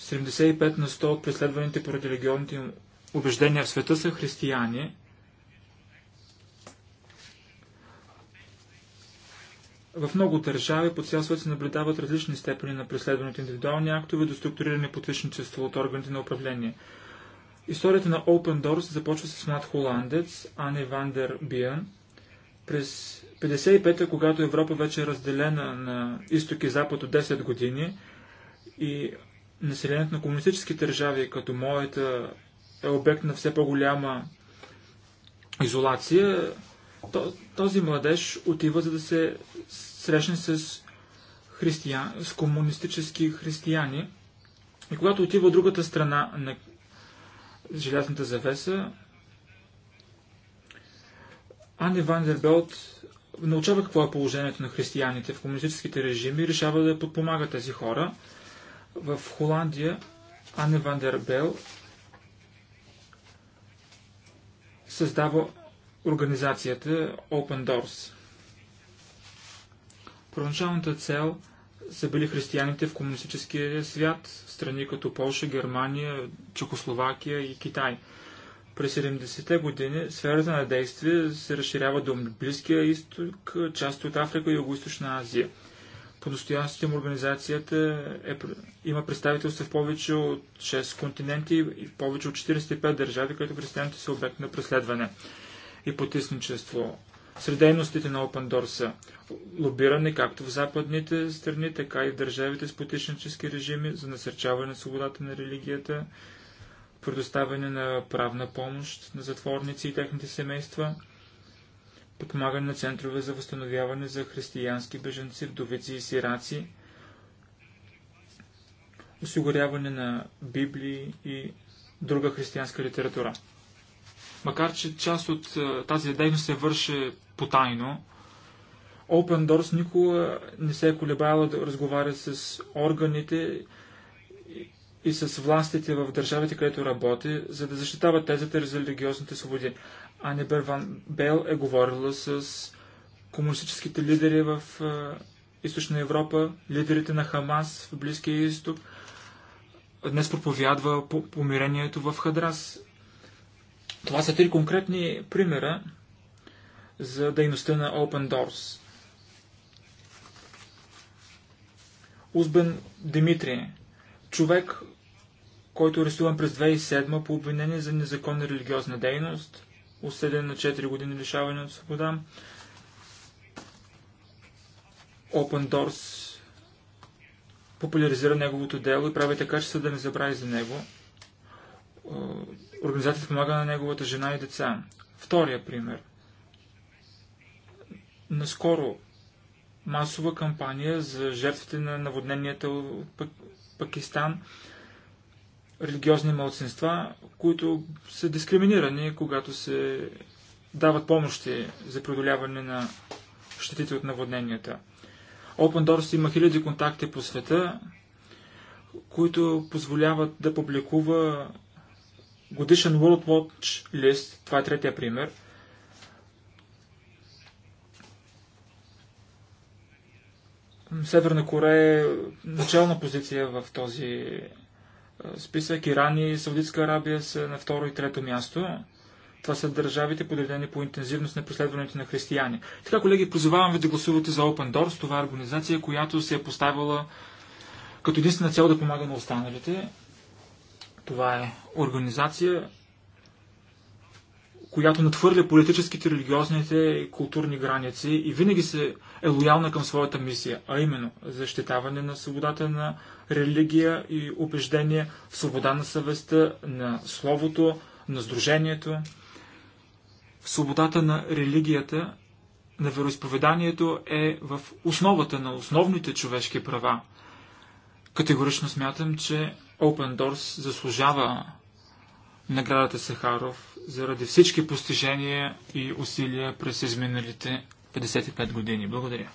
75 на 100 от преследваните поради религионните им убеждения в света са християни. В много държави по цял свят се наблюдават различни степени на преследването индивидуални актове до структуриране потичничество от органите на управление. Историята на Open Doors започва с млад холандец Ане Вандер Биен. През 55-та, когато Европа вече е разделена на изток и запад от 10 години и населението на комунистически държави, като моята, е обект на все по-голяма изолация, то, този младеж отива за да се срещне с, християн, с комунистически християни. И когато отива от другата страна на желязната завеса, Ани Вандербелт научава какво е положението на християните в комунистическите режими и решава да подпомага тези хора. В Холандия Ане Вандербел създава организацията Open Doors. Първоначалната цел са били християните в комунистическия свят, страни като Польша, Германия, Чехословакия и Китай. През 70-те години сферата на действие се разширява до Близкия изток, част от Африка и Юго-Источна Азия – по достоянството им организацията е, има представителство в повече от 6 континенти и повече от 45 държави, където християните са обект на преследване и потисничество. Сред дейностите на Open Door са лобиране както в западните страни, така и в държавите с потиснически режими за насърчаване на свободата на религията, предоставяне на правна помощ на затворници и техните семейства – подпомагане на центрове за възстановяване за християнски беженци, вдовици и сираци, осигуряване на библии и друга християнска литература. Макар, че част от тази дейност се върше потайно, Open Doors никога не се е колебала да разговаря с органите и с властите в държавите, където работи, за да защитава тезата за религиозните свободи. Анебер Ван Бел е говорила с комунистическите лидери в Източна Европа, лидерите на Хамас в Близкия изток. Днес проповядва помирението в Хадрас. Това са три конкретни примера за дейността на Open Doors. Узбен Димитри, човек, който е арестуван през 2007 по обвинение за незаконна религиозна дейност – осъден на 4 години лишаване от свобода. Open Doors популяризира неговото дело и прави така, че съда да не забрави за него. Е, организацията помага на неговата жена и деца. Втория пример. Наскоро масова кампания за жертвите на наводненията от Пакистан – религиозни младсинства, които са дискриминирани, когато се дават помощи за преодоляване на щетите от наводненията. Open Doors има хиляди контакти по света, които позволяват да публикува годишен World Watch List, това е третия пример, Северна Корея е начална позиция в този списък Иран и Саудитска Арабия са на второ и трето място. Това са държавите, подредени по интензивност на преследването на християни. Така, колеги, призовавам ви да гласувате за Open Doors. Това е организация, която се е поставила като единствена цел да помага на останалите. Това е организация, която надхвърля политическите, религиозните и културни граници и винаги се е лоялна към своята мисия, а именно защитаване на свободата на религия и убеждение, свобода на съвестта, на словото, на сдружението. Свободата на религията, на вероисповеданието е в основата на основните човешки права. Категорично смятам, че Open Doors заслужава наградата Сахаров заради всички постижения и усилия през изминалите 55 години. Благодаря.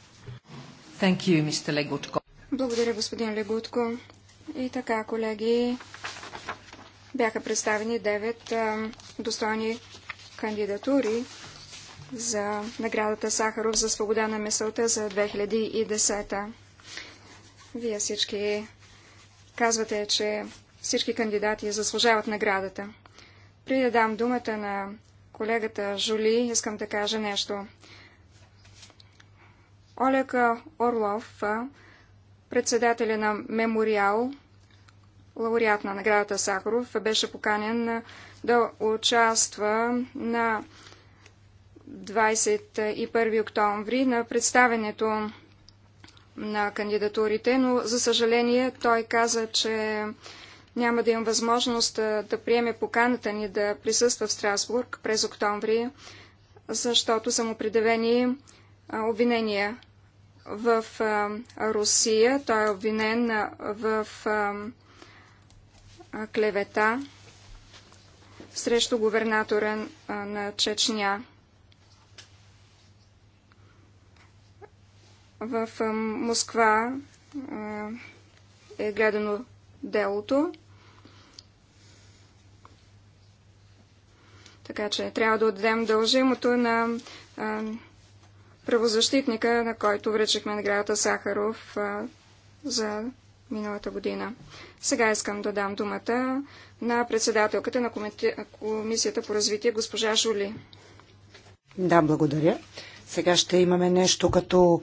Thank you, Mr. Благодаря, господин Легутко. И така, колеги, бяха представени 9 достойни кандидатури за наградата Сахаров за свобода на мисълта за 2010. -та. Вие всички казвате, че всички кандидати заслужават наградата. Преди да дам думата на колегата Жули, искам да кажа нещо. Олег Орлов Председателя на Мемориал, лауреат на наградата Сахаров, беше поканен да участва на 21 октомври на представенето на кандидатурите, но за съжаление той каза, че няма да има възможност да приеме поканата ни да присъства в Страсбург през октомври, защото са му предавени обвинения в Русия. Той е обвинен в клевета срещу губернатора на Чечня. В Москва е гледано делото. Така че трябва да отдадем дължимото на правозащитника, на който връчихме наградата Сахаров за миналата година. Сега искам да дам думата на председателката на Комисията по развитие, госпожа Жули. Да, благодаря. Сега ще имаме нещо като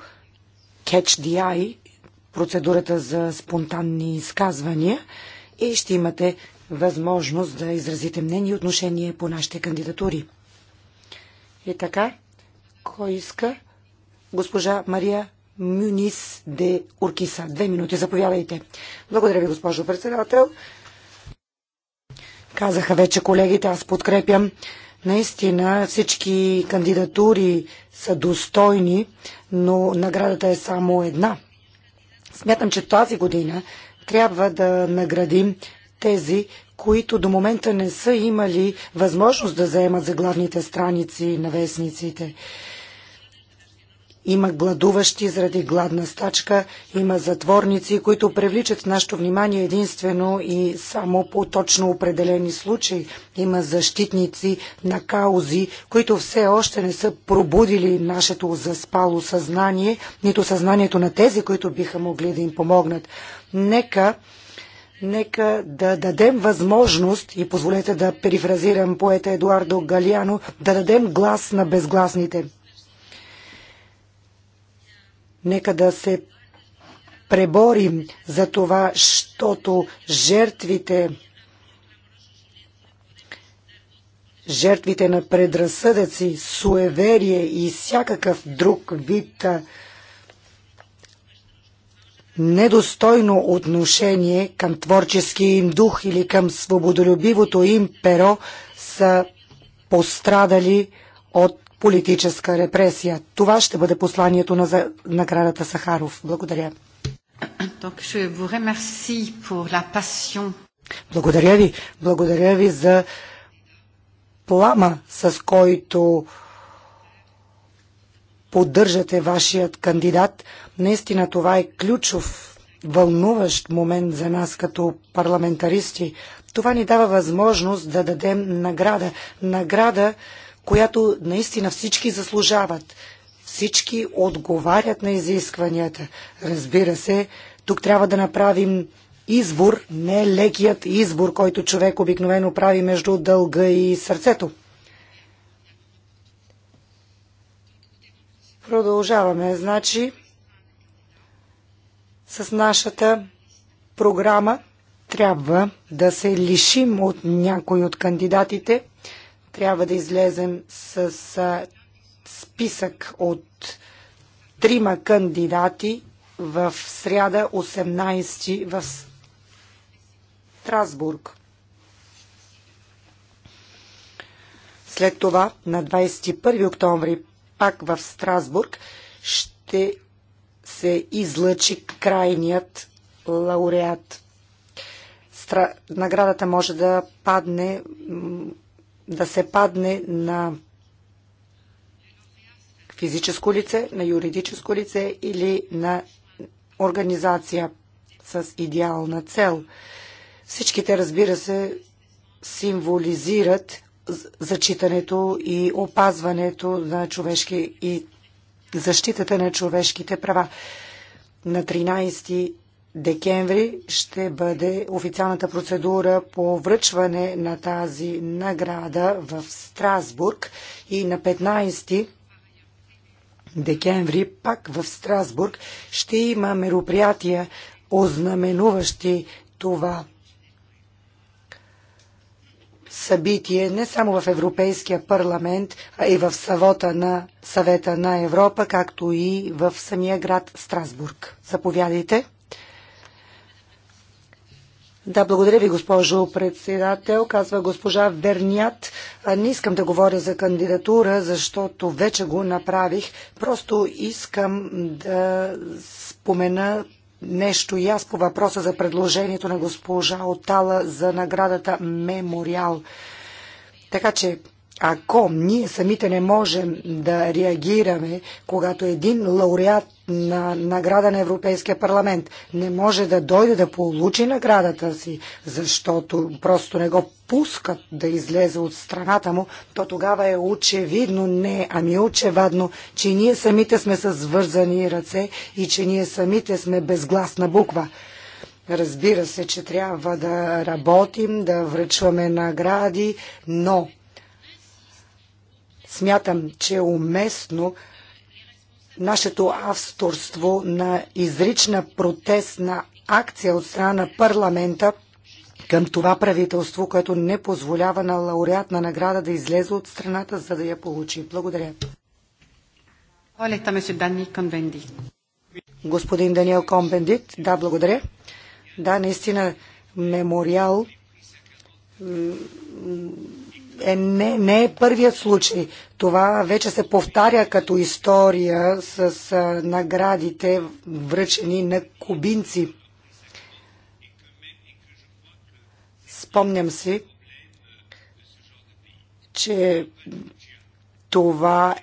Catch the Eye, процедурата за спонтанни изказвания и ще имате възможност да изразите мнение и отношение по нашите кандидатури. И така, кой иска? госпожа Мария Мюнис де Уркиса. Две минути, заповядайте. Благодаря ви, госпожо председател. Казаха вече колегите, аз подкрепям. Наистина всички кандидатури са достойни, но наградата е само една. Смятам, че тази година трябва да наградим тези, които до момента не са имали възможност да заемат заглавните страници на вестниците. Има гладуващи заради гладна стачка, има затворници, които привличат нашето внимание единствено и само по точно определени случаи. Има защитници на каузи, които все още не са пробудили нашето заспало съзнание, нито съзнанието на тези, които биха могли да им помогнат. Нека нека да дадем възможност, и позволете да перифразирам поета Едуардо Галиано, да дадем глас на безгласните. Нека да се преборим за това, защото жертвите жертвите на предразсъдъци, суеверие и всякакъв друг вид недостойно отношение към творческия им дух или към свободолюбивото им перо са пострадали от политическа репресия. Това ще бъде посланието на наградата Сахаров. Благодаря. Благодаря ви. Благодаря ви за плама, с който поддържате вашият кандидат. Наистина това е ключов, вълнуващ момент за нас като парламентаристи. Това ни дава възможност да дадем награда. Награда, която наистина всички заслужават. Всички отговарят на изискванията. Разбира се, тук трябва да направим избор, не лекият избор, който човек обикновено прави между дълга и сърцето. Продължаваме, значи, с нашата програма трябва да се лишим от някой от кандидатите – трябва да излезем с списък от трима кандидати в сряда 18 в Страсбург. След това на 21 октомври пак в Страсбург ще се излъчи крайният лауреат. Стра... Наградата може да падне да се падне на физическо лице, на юридическо лице или на организация с идеална цел. Всичките, разбира се, символизират зачитането и опазването на човешки и защитата на човешките права. На 13 декември ще бъде официалната процедура по връчване на тази награда в Страсбург и на 15 декември пак в Страсбург ще има мероприятия ознаменуващи това събитие не само в Европейския парламент, а и в Савота на Съвета на Европа, както и в самия град Страсбург. Заповядайте. Да, благодаря ви, госпожо председател, казва госпожа Вернят. Не искам да говоря за кандидатура, защото вече го направих. Просто искам да спомена нещо и аз по въпроса за предложението на госпожа Отала за наградата Мемориал. Така че ако ние самите не можем да реагираме, когато един лауреат на награда на Европейския парламент не може да дойде да получи наградата си, защото просто не го пускат да излезе от страната му, то тогава е очевидно, не, ами е очевадно, че ние самите сме с вързани ръце и че ние самите сме безгласна буква. Разбира се, че трябва да работим, да връчваме награди, но Смятам, че е уместно нашето авторство на изрична протестна акция от страна на парламента към това правителство, което не позволява на лауреат на награда да излезе от страната, за да я получи. Благодаря. Господин Даниел Комбендит, да, благодаря. Да, наистина, мемориал е, не, не е първият случай. Това вече се повтаря като история с а, наградите връчени на кубинци. Спомням си, че това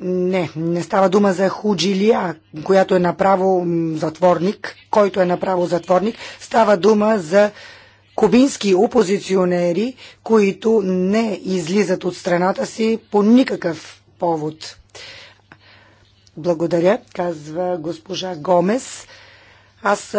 не, не става дума за Худжилия, която е направо затворник, който е направо затворник. Става дума за кубински опозиционери, които не излизат от страната си по никакъв повод. Благодаря, казва госпожа Гомес. Аз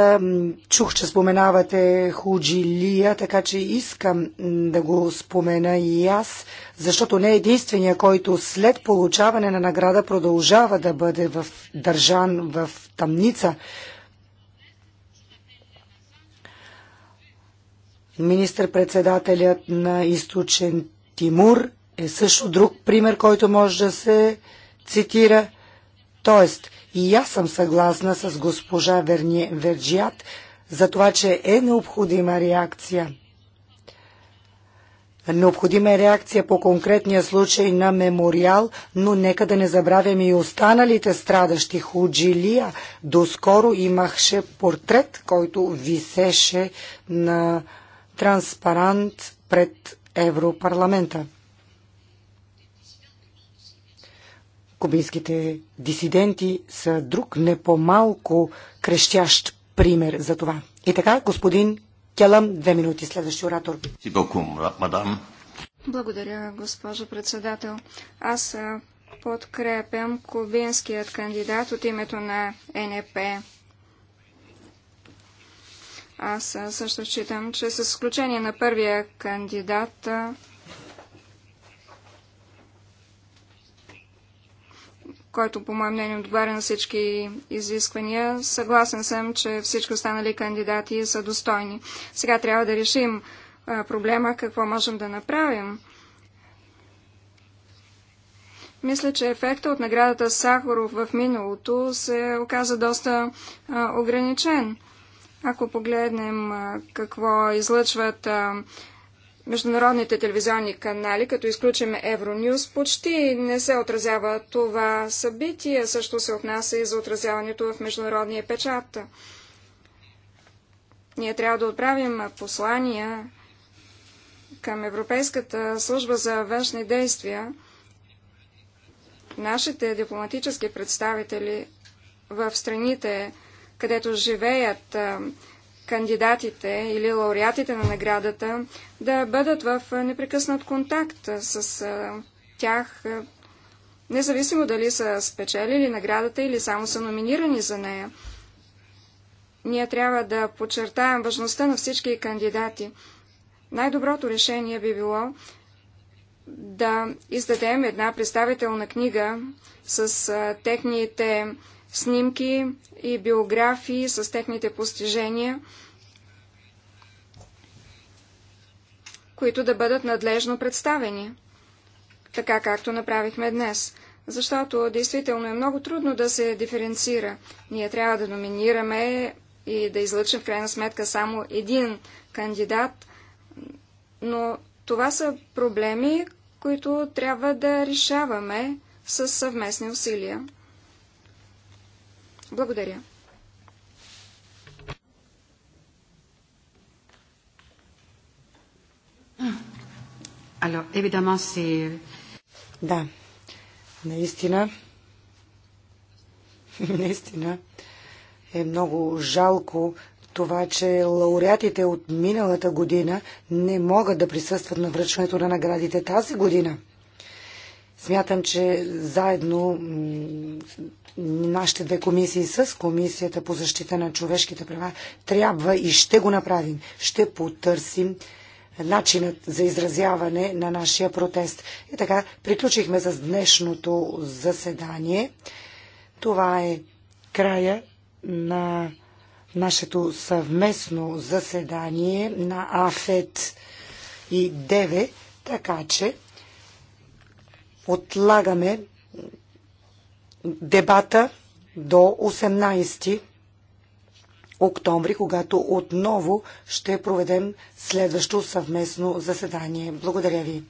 чух, че споменавате Худжилия, така че искам да го спомена и аз, защото не е единствения, който след получаване на награда продължава да бъде в, държан в тъмница. Министър-председателят на източен Тимур е също друг пример, който може да се цитира. Тоест, и аз съм съгласна с госпожа Верни, Верджият за това, че е необходима реакция. Необходима е реакция по конкретния случай на мемориал, но нека да не забравяме и останалите страдащи. Худжилия доскоро имаше портрет, който висеше на транспарант пред Европарламента. Кубинските дисиденти са друг не по-малко крещящ пример за това. И така, господин Келам, две минути, следващи оратор. Благодаря, госпожо председател. Аз подкрепям кубинският кандидат от името на НП. Аз също считам, че с изключение на първия кандидат който по мое мнение отговаря на всички изисквания. Съгласен съм, че всички останали кандидати са достойни. Сега трябва да решим проблема, какво можем да направим. Мисля, че ефекта от наградата Сахаров в миналото се оказа доста ограничен. Ако погледнем какво излъчват международните телевизионни канали, като изключим Евронюс, почти не се отразява това събитие. Също се отнася и за отразяването в международния печат. Ние трябва да отправим послания към Европейската служба за външни действия. Нашите дипломатически представители в страните където живеят кандидатите или лауреатите на наградата, да бъдат в непрекъснат контакт с тях, независимо дали са спечелили наградата или само са номинирани за нея. Ние трябва да подчертаем важността на всички кандидати. Най-доброто решение би било да издадем една представителна книга с техните снимки и биографии с техните постижения, които да бъдат надлежно представени, така както направихме днес. Защото действително е много трудно да се диференцира. Ние трябва да номинираме и да излъчим в крайна сметка само един кандидат, но това са проблеми, които трябва да решаваме с съвместни усилия. Благодаря. Алло, евидамо си... Да, наистина, наистина е много жалко това, че лауреатите от миналата година не могат да присъстват на връчването на наградите тази година. Смятам, че заедно нашите две комисии с Комисията по защита на човешките права трябва и ще го направим. Ще потърсим начинът за изразяване на нашия протест. И така, приключихме с днешното заседание. Това е края на нашето съвместно заседание на АФЕТ и ДЕВЕ, така че отлагаме дебата до 18 октомври, когато отново ще проведем следващо съвместно заседание. Благодаря ви.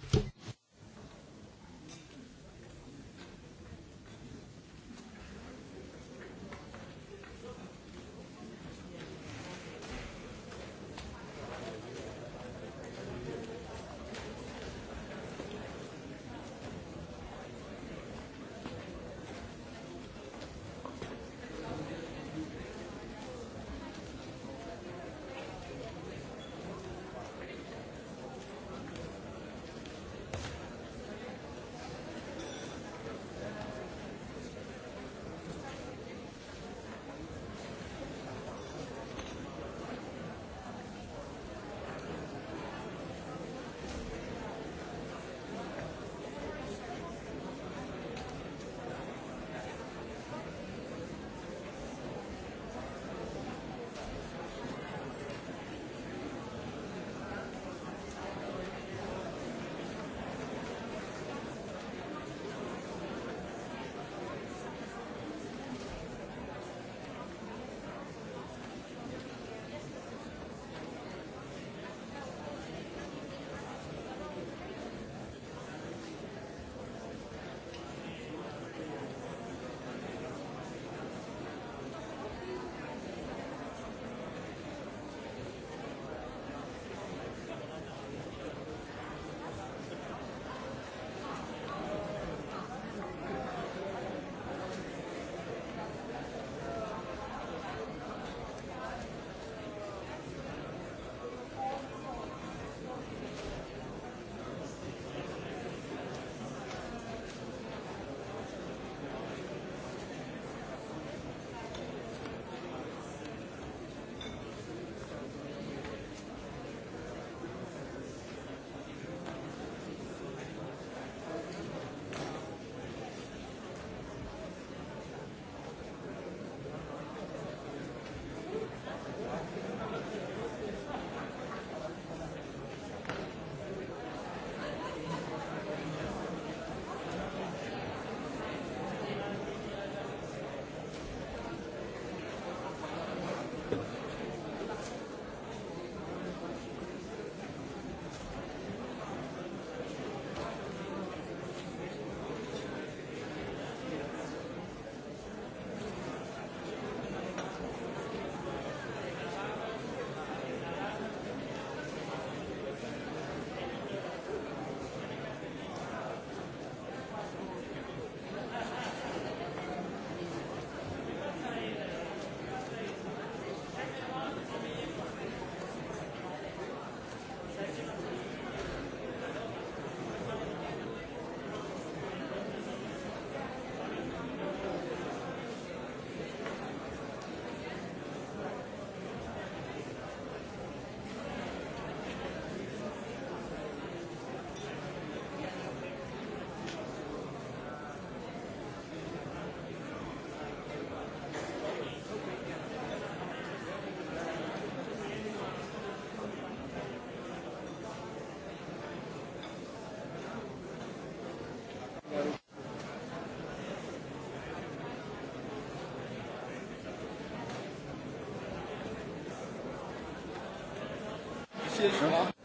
Viel Spaß.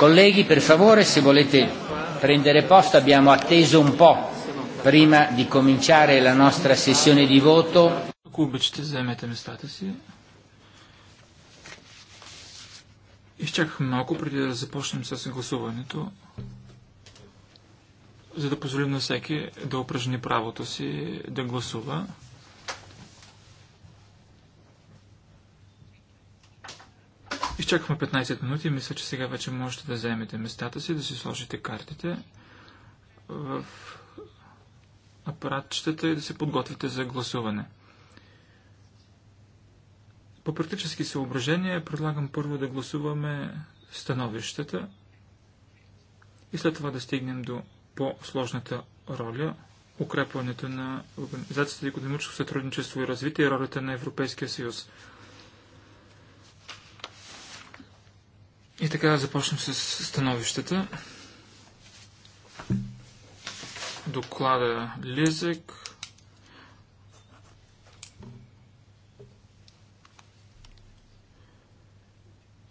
Colleghi, per favore, se volete prendere posto, abbiamo atteso un po' prima di cominciare la nostra sessione di voto. Ако обичате, заемете местата си. Изчакахме малко преди да започнем с гласуването, за да позволим на всеки да упражни правото си да гласува. Изчакахме 15 минути и мисля, че сега вече можете да вземете местата си, да си сложите картите в апаратчетата и да се подготвите за гласуване. По практически съображения предлагам първо да гласуваме становищата и след това да стигнем до по-сложната роля укрепването на Организацията за економическо сътрудничество и развитие и ролята на Европейския съюз. И така да започнем с становищата. Доклада Лизек.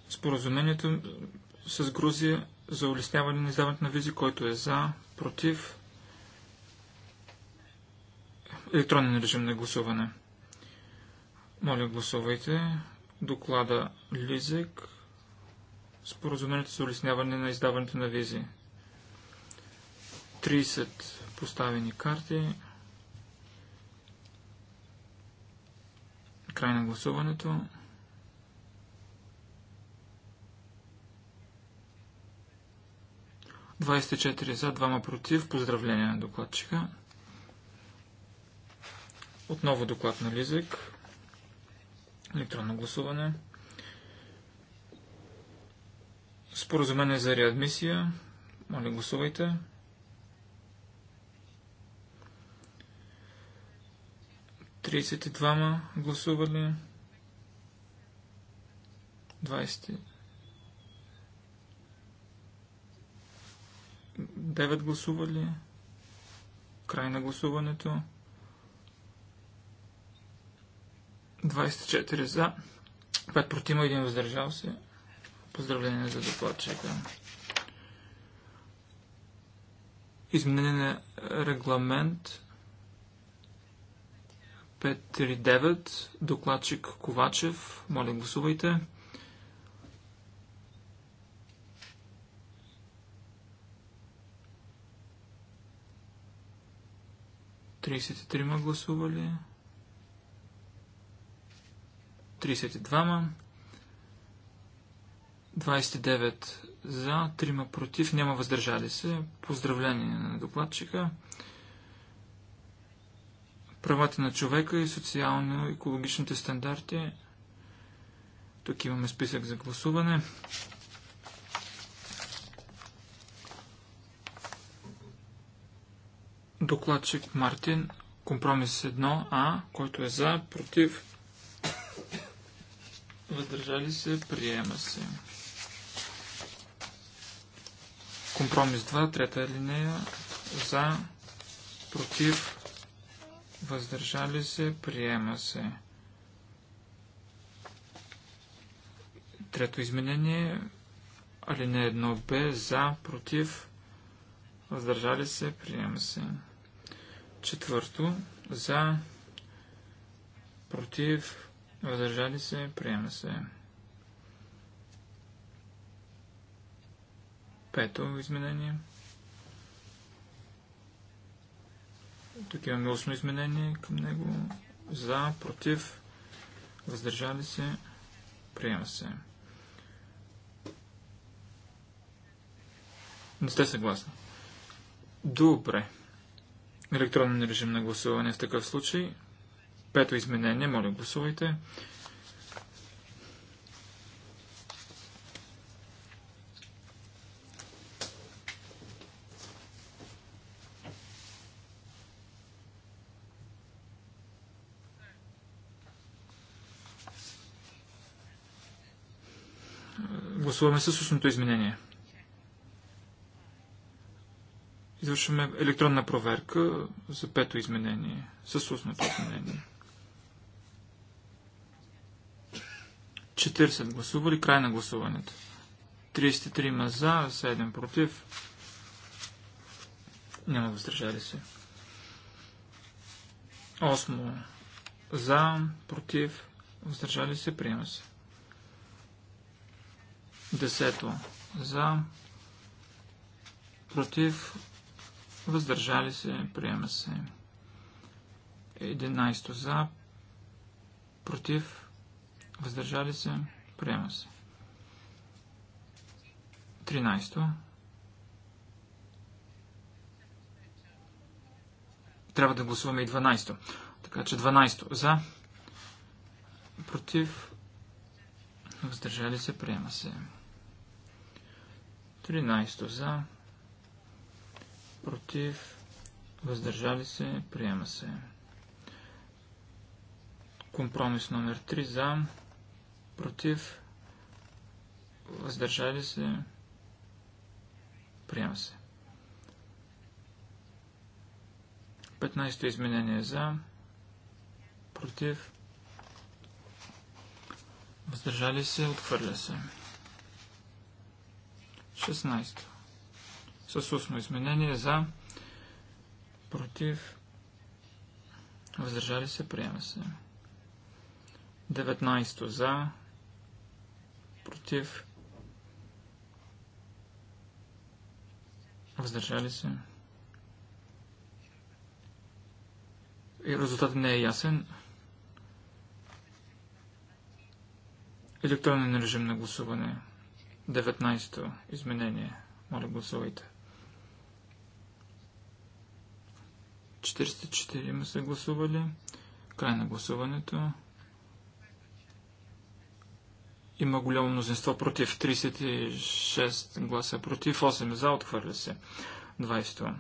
Споразумението с Грузия за улесняване на издаването на визи, който е за, против, електронен режим на гласуване. Моля, гласувайте. Доклада Лизек споразумението за улесняване на издаването на визи. 30 поставени карти. Край на гласуването. Двадесет четири за, двама против. Поздравления на докладчика. Отново доклад на Лизик. Електронно гласуване. Споразумение за реадмисия. Моля, гласувайте. Тридесет и двама гласували. Двадесет. Девет гласували. Край на гласуването. четири за, Пет против, един въздържал се. Поздравление за докладчика. Изменение на регламент 539, докладчик Ковачев. Моля, гласувайте. Тридесет и трима гласували. Тридесет и двама. 29 за, 3 против, няма въздържали се. Поздравление на докладчика. Правата на човека и социално-екологичните стандарти. Тук имаме списък за гласуване. Докладчик Мартин, компромис 1А, който е за, против, въздържали се, приема се. Компромис 2, трета линия, за, против, въздържали се, приема се. Трето изменение, алинея 1б, за, против, въздържали се, приема се. Четвърто, за, против, въздържали се, приема се. Пето изменение. Тук имаме устно изменение към него. За, против, въздържали се, приема се. Не сте съгласни. Добре. Електронен режим на гласуване в такъв случай. Пето изменение, моля гласувайте. Гласувайте. гласуваме с устното изменение. Извършваме електронна проверка за пето изменение, с устното изменение. 40 гласували, край на гласуването. 33 ма за, 7 против. Няма въздържали се. 8 за, против, въздържали се, приема се. Десето. За. Против. Въздържали се. Приема се. Единайсто. За. Против. Въздържали се. Приема се. Тринайсто. Трябва да гласуваме и 12-то. Така че 12-то за, против, въздържали се, приема се. 13 за, против, въздържали се, приема се. Компромис номер 3 за, против, въздържали се, приема се. 15 изменение за, против, въздържали се, отхвърля се. 16. С устно изменение за, против, въздържали се, приема се. 19. За, против, въздържали се. И резултатът не е ясен. Електронен режим на гласуване. 19-то изменение. Моля, гласувайте. 44 ме са гласували. Край на гласуването. Има голямо мнозинство против. 36 гласа против, 8 за, отхвърля се. 20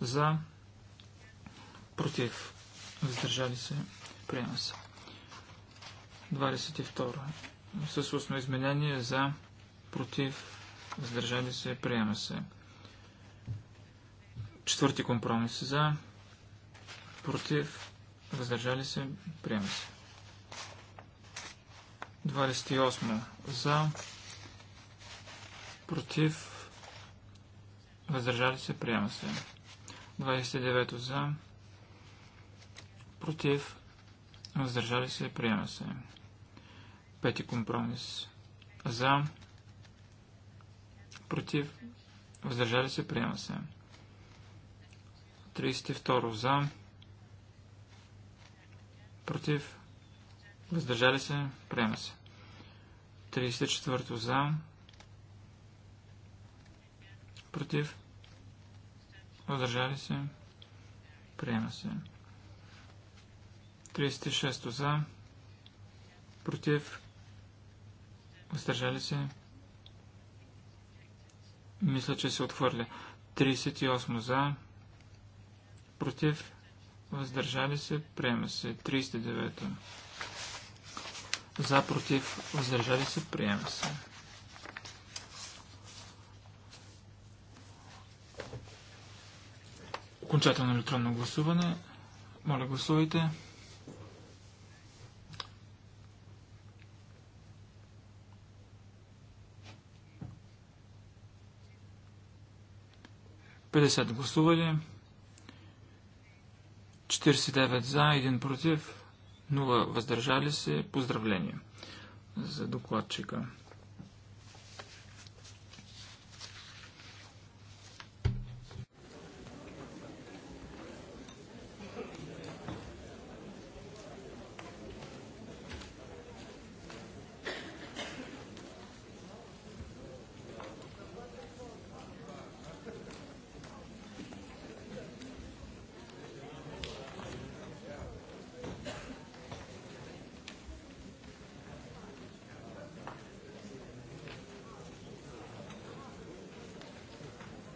за, против, въздържали се, приема се. 22 с устно изменение за против, въздържали се, приема се. Четвърти компромис за, против, въздържали се, приема се. 28 за, против, въздържали се, приема се. 29 за, против, въздържали се, приема се. Пети компромис за, против, въздържали се, приема се. 32 за, против, въздържали се, приема се. 34 за, против, въздържали се, приема се. 36 за, против, въздържали се, приема се. Мисля, че се отхвърля. 38 за. Против. Въздържали се. Приема се. 39. За. Против. Въздържали се. Приема се. Окончателно електронно гласуване. Моля, гласувайте. 50 гласували, 49 за, 1 против, 0 въздържали се. Поздравление за докладчика.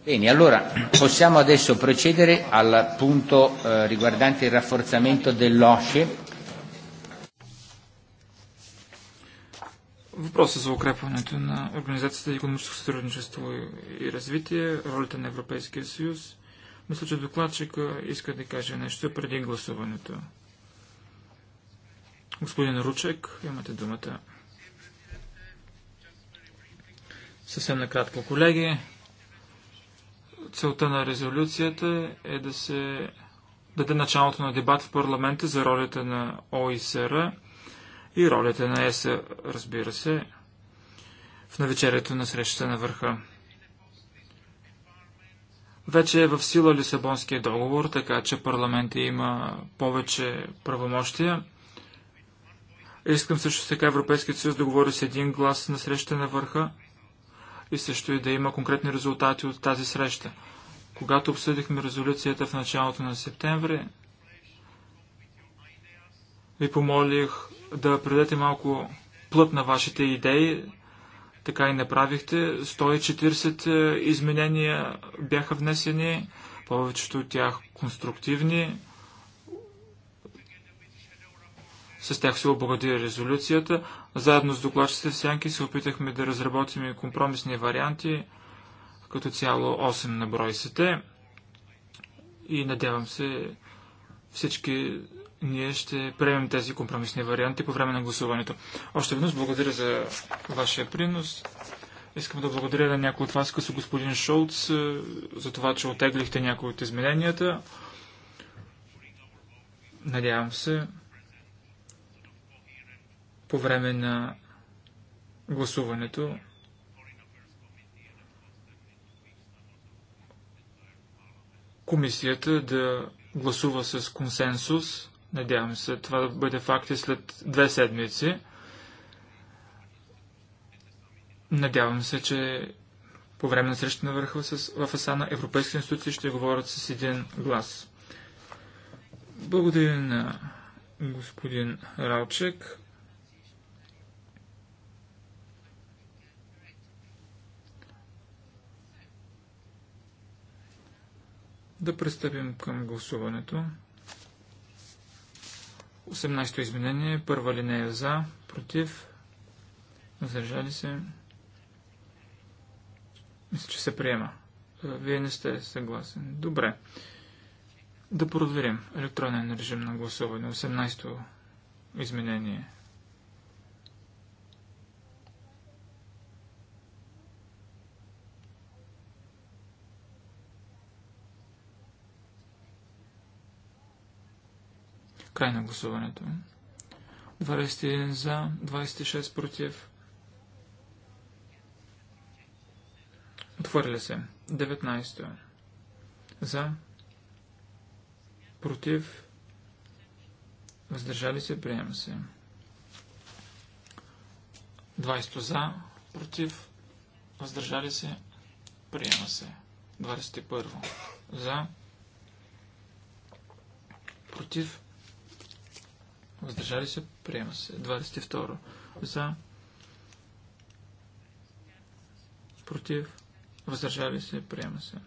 Bene, allora possiamo adesso procedere al punto eh, riguardante il rafforzamento dell'OSCE. Въпросът за укрепването на Организацията за економическо сътрудничество и развитие, ролята на Европейския съюз. Мисля, че докладчика иска да каже нещо преди гласуването. Господин Ручек, имате думата. Съвсем накратко, колеги. Целта на резолюцията е да се даде началото на дебат в парламента за ролята на ОИСР и ролята на ЕС, разбира се, в навечерието на срещата на върха. Вече е в сила Лисабонския договор, така че парламентът има повече правомощия. Искам също така Европейският съюз да говори с един глас на среща на върха и също и да има конкретни резултати от тази среща. Когато обсъдихме резолюцията в началото на септември, ви помолих да предадете малко плът на вашите идеи. Така и направихте. 140 е, изменения бяха внесени, повечето от тях конструктивни. С тях се обогади резолюцията. Заедно с докладчите в Сянки се опитахме да разработим компромисни варианти, като цяло 8 на брой са те. И надявам се всички ние ще приемем тези компромисни варианти по време на гласуването. Още веднъж благодаря за вашия принос. Искам да благодаря на някои от вас, като господин Шолц, е, за това, че отеглихте някои от измененията. Надявам се по време на гласуването. Комисията да гласува с консенсус. Надявам се това да бъде факт и след две седмици. Надявам се, че по време на среща на върха в Асана европейски институции ще говорят с един глас. Благодаря на господин Ралчек. Да пристъпим към гласуването. 18-то изменение, първа линия за, против, въздържали се. Мисля, че се приема. Вие не сте съгласен. Добре. Да проверим електронен режим на гласуване. 18-то изменение. Край на гласуването. 21 за, 26 против. Отвърля се. 19 за, против, въздържали се, приема се. 20 за, против, въздържали се, приема се. 21 за, против, Въздържали се, приема се. 22. За. Против. Въздържали се, приема се.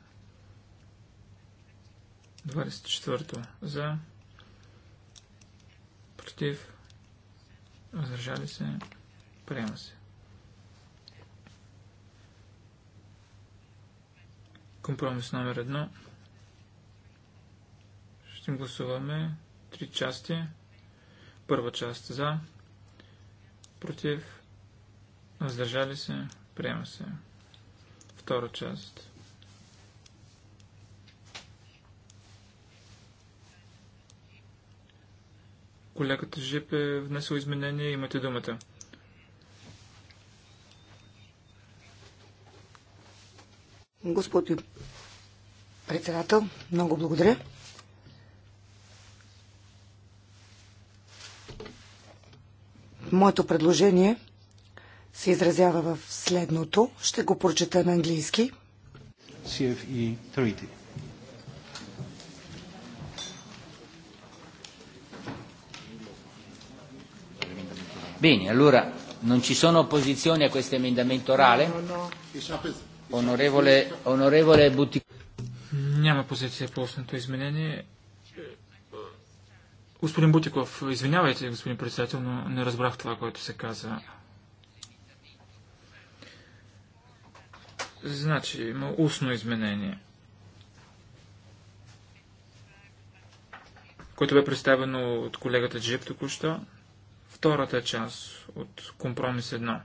24. За. Против. Въздържали се, приема се. Компромис номер едно. Ще гласуваме три части. Първа част за, против, въздържали се, приема се. Втора част. Колегата Жип е внесъл изменение, имате думата. Господин председател, много благодаря. Моето предложение се изразява в следното. Ще го прочета на английски. CFE Treaty. Bene, allora non ci sono opposizioni a questo emendamento orale? No, no, no. Onorevole, onorevole Butti... Няма позиция по основното изменение. Господин Бутиков, извинявайте, господин председател, но не разбрах това, което се каза. Значи, има устно изменение, което бе представено от колегата Джип току-що. Втората част от компромис 1.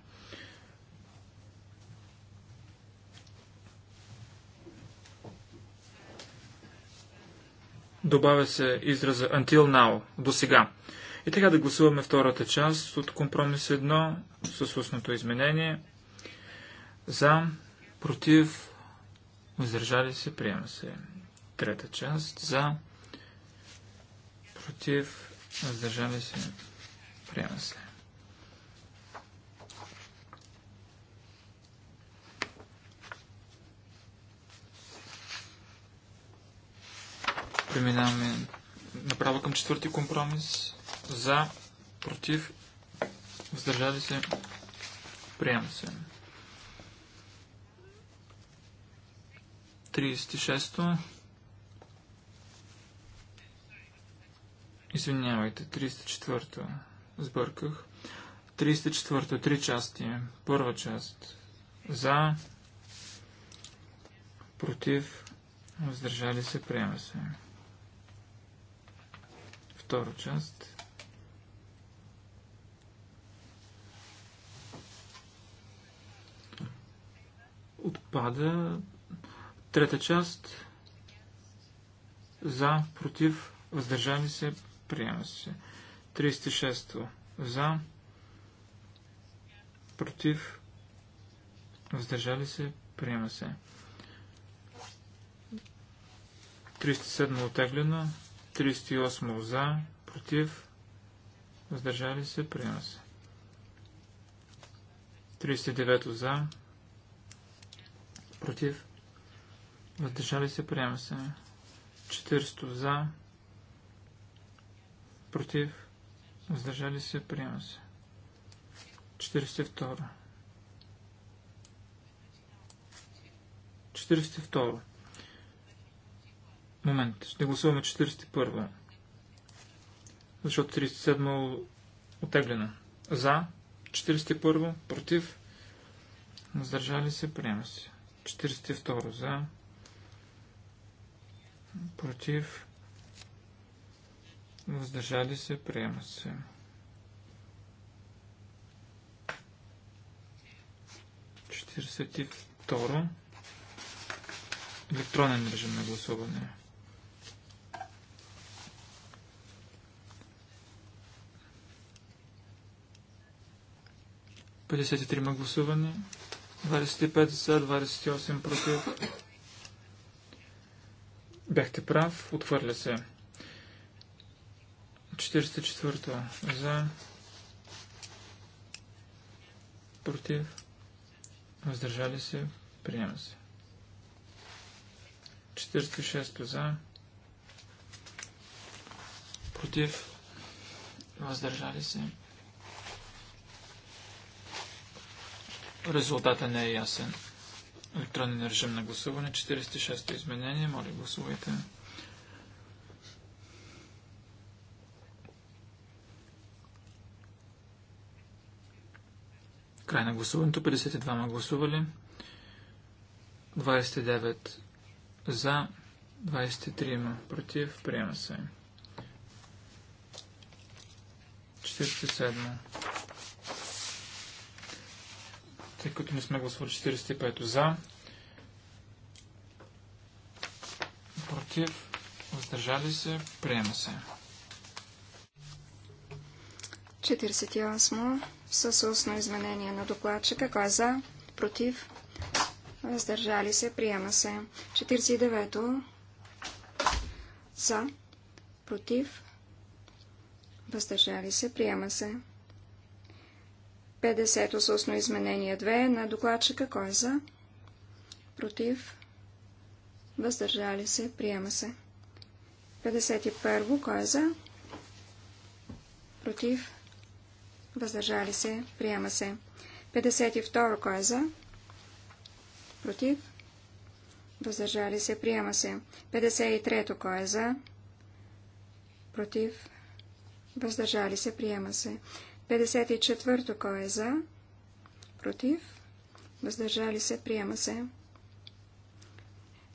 Добавя се израза until now, до сега. И така да гласуваме втората част от компромис 1 с устното изменение. За, против, въздържали се, приема се. Трета част. За, против, въздържали се, приема се. Преминаваме направо към четвърти компромис. За, против, въздържали се, приема се. 36-то. Извинявайте, 34-то. Сбърках. 34-то, три части. Първа част. За, против, въздържали се, приема се. Втора част. Отпада. Трета част. За, против, въздържали се, приема се. 36. За, против, въздържали се, приема се. 37 отеглено, 38 за, против, въздържали се, приема се. 39 за, против, въздържали се, приема се. 400 за, против, въздържали се, приема се. 42. 42. Момент, ще гласуваме 41. Защото 37 е отеглена. За, 41, против, въздържали се, приема се. 42 за, против, въздържали се, приема се. Четиридесет и второ. Електронен режим на гласуване. 53 гласувани. гласуване. 25 за, 28 против. Бяхте прав, отхвърля се. 44 за, против, въздържали се, приема се. 46 за, против, въздържали се, Резултата не е ясен. Електронен режим на гласуване. 46-то изменение. Моля, гласувайте. Край на гласуването. 52 ма гласували. 29 за, 23 против. Приема се. 47 тъй като не сме гласували 45 за, против, въздържали се, приема се. 48 с устно изменение на докладчика. Кой е за? Против? Въздържали се? Приема се. 49 За? Против? Въздържали се? Приема се. 50-то с устно изменение 2 на докладчика. Кой е за? Против? Въздържали се? Приема се. 51-во. Кой е за? Против? Въздържали се? Приема се. 52-ро. Кой е за? Против? Въздържали се? Приема се. 53-то. Кой е за? Против? Въздържали се? Приема се. 54-то кой е за? Против? Въздържали се? Приема се.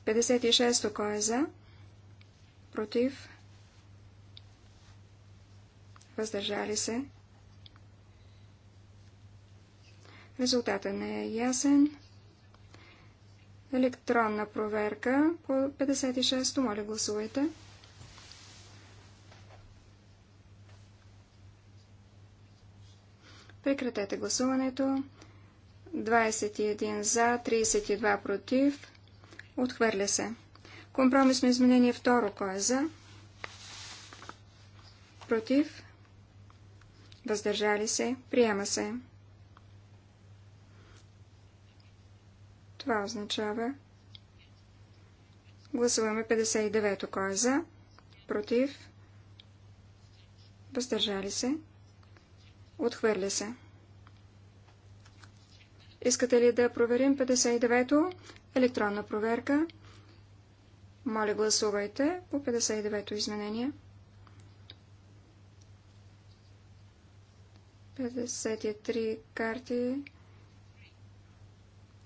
56-то кой е за? Против? Въздържали се? Резултата не е ясен. Електронна проверка по 56-то. Моля гласувайте. Прекратете гласуването. 21 за, 32 против. Отхвърля се. Компромисно изменение второ. Кой е за? Против. Въздържали се. Приема се. Това означава. Гласуваме 59-то. Кой е за? Против. Въздържали се. Отхвърля се. Искате ли да проверим 59-то? Електронна проверка. Моля, гласувайте по 59-то изменение. 53 карти.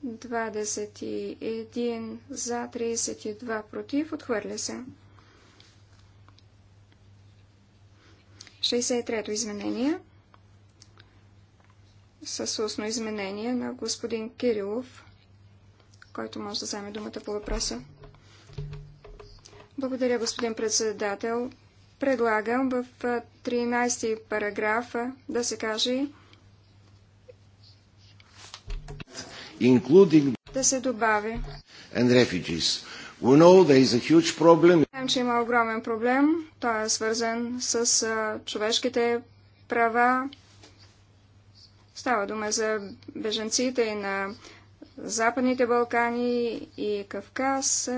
21 за, 32 против. Отхвърля се. 63-то изменение с устно изменение на господин Кирилов, който може да вземе думата по въпроса. Благодаря, господин председател. Предлагам в 13 параграф да се каже including да се добави and refugees. We know there is a huge problem. Знаем, че има огромен проблем. Той е свързан с човешките права, Става дума за беженците и на Западните Балкани и Кавказ.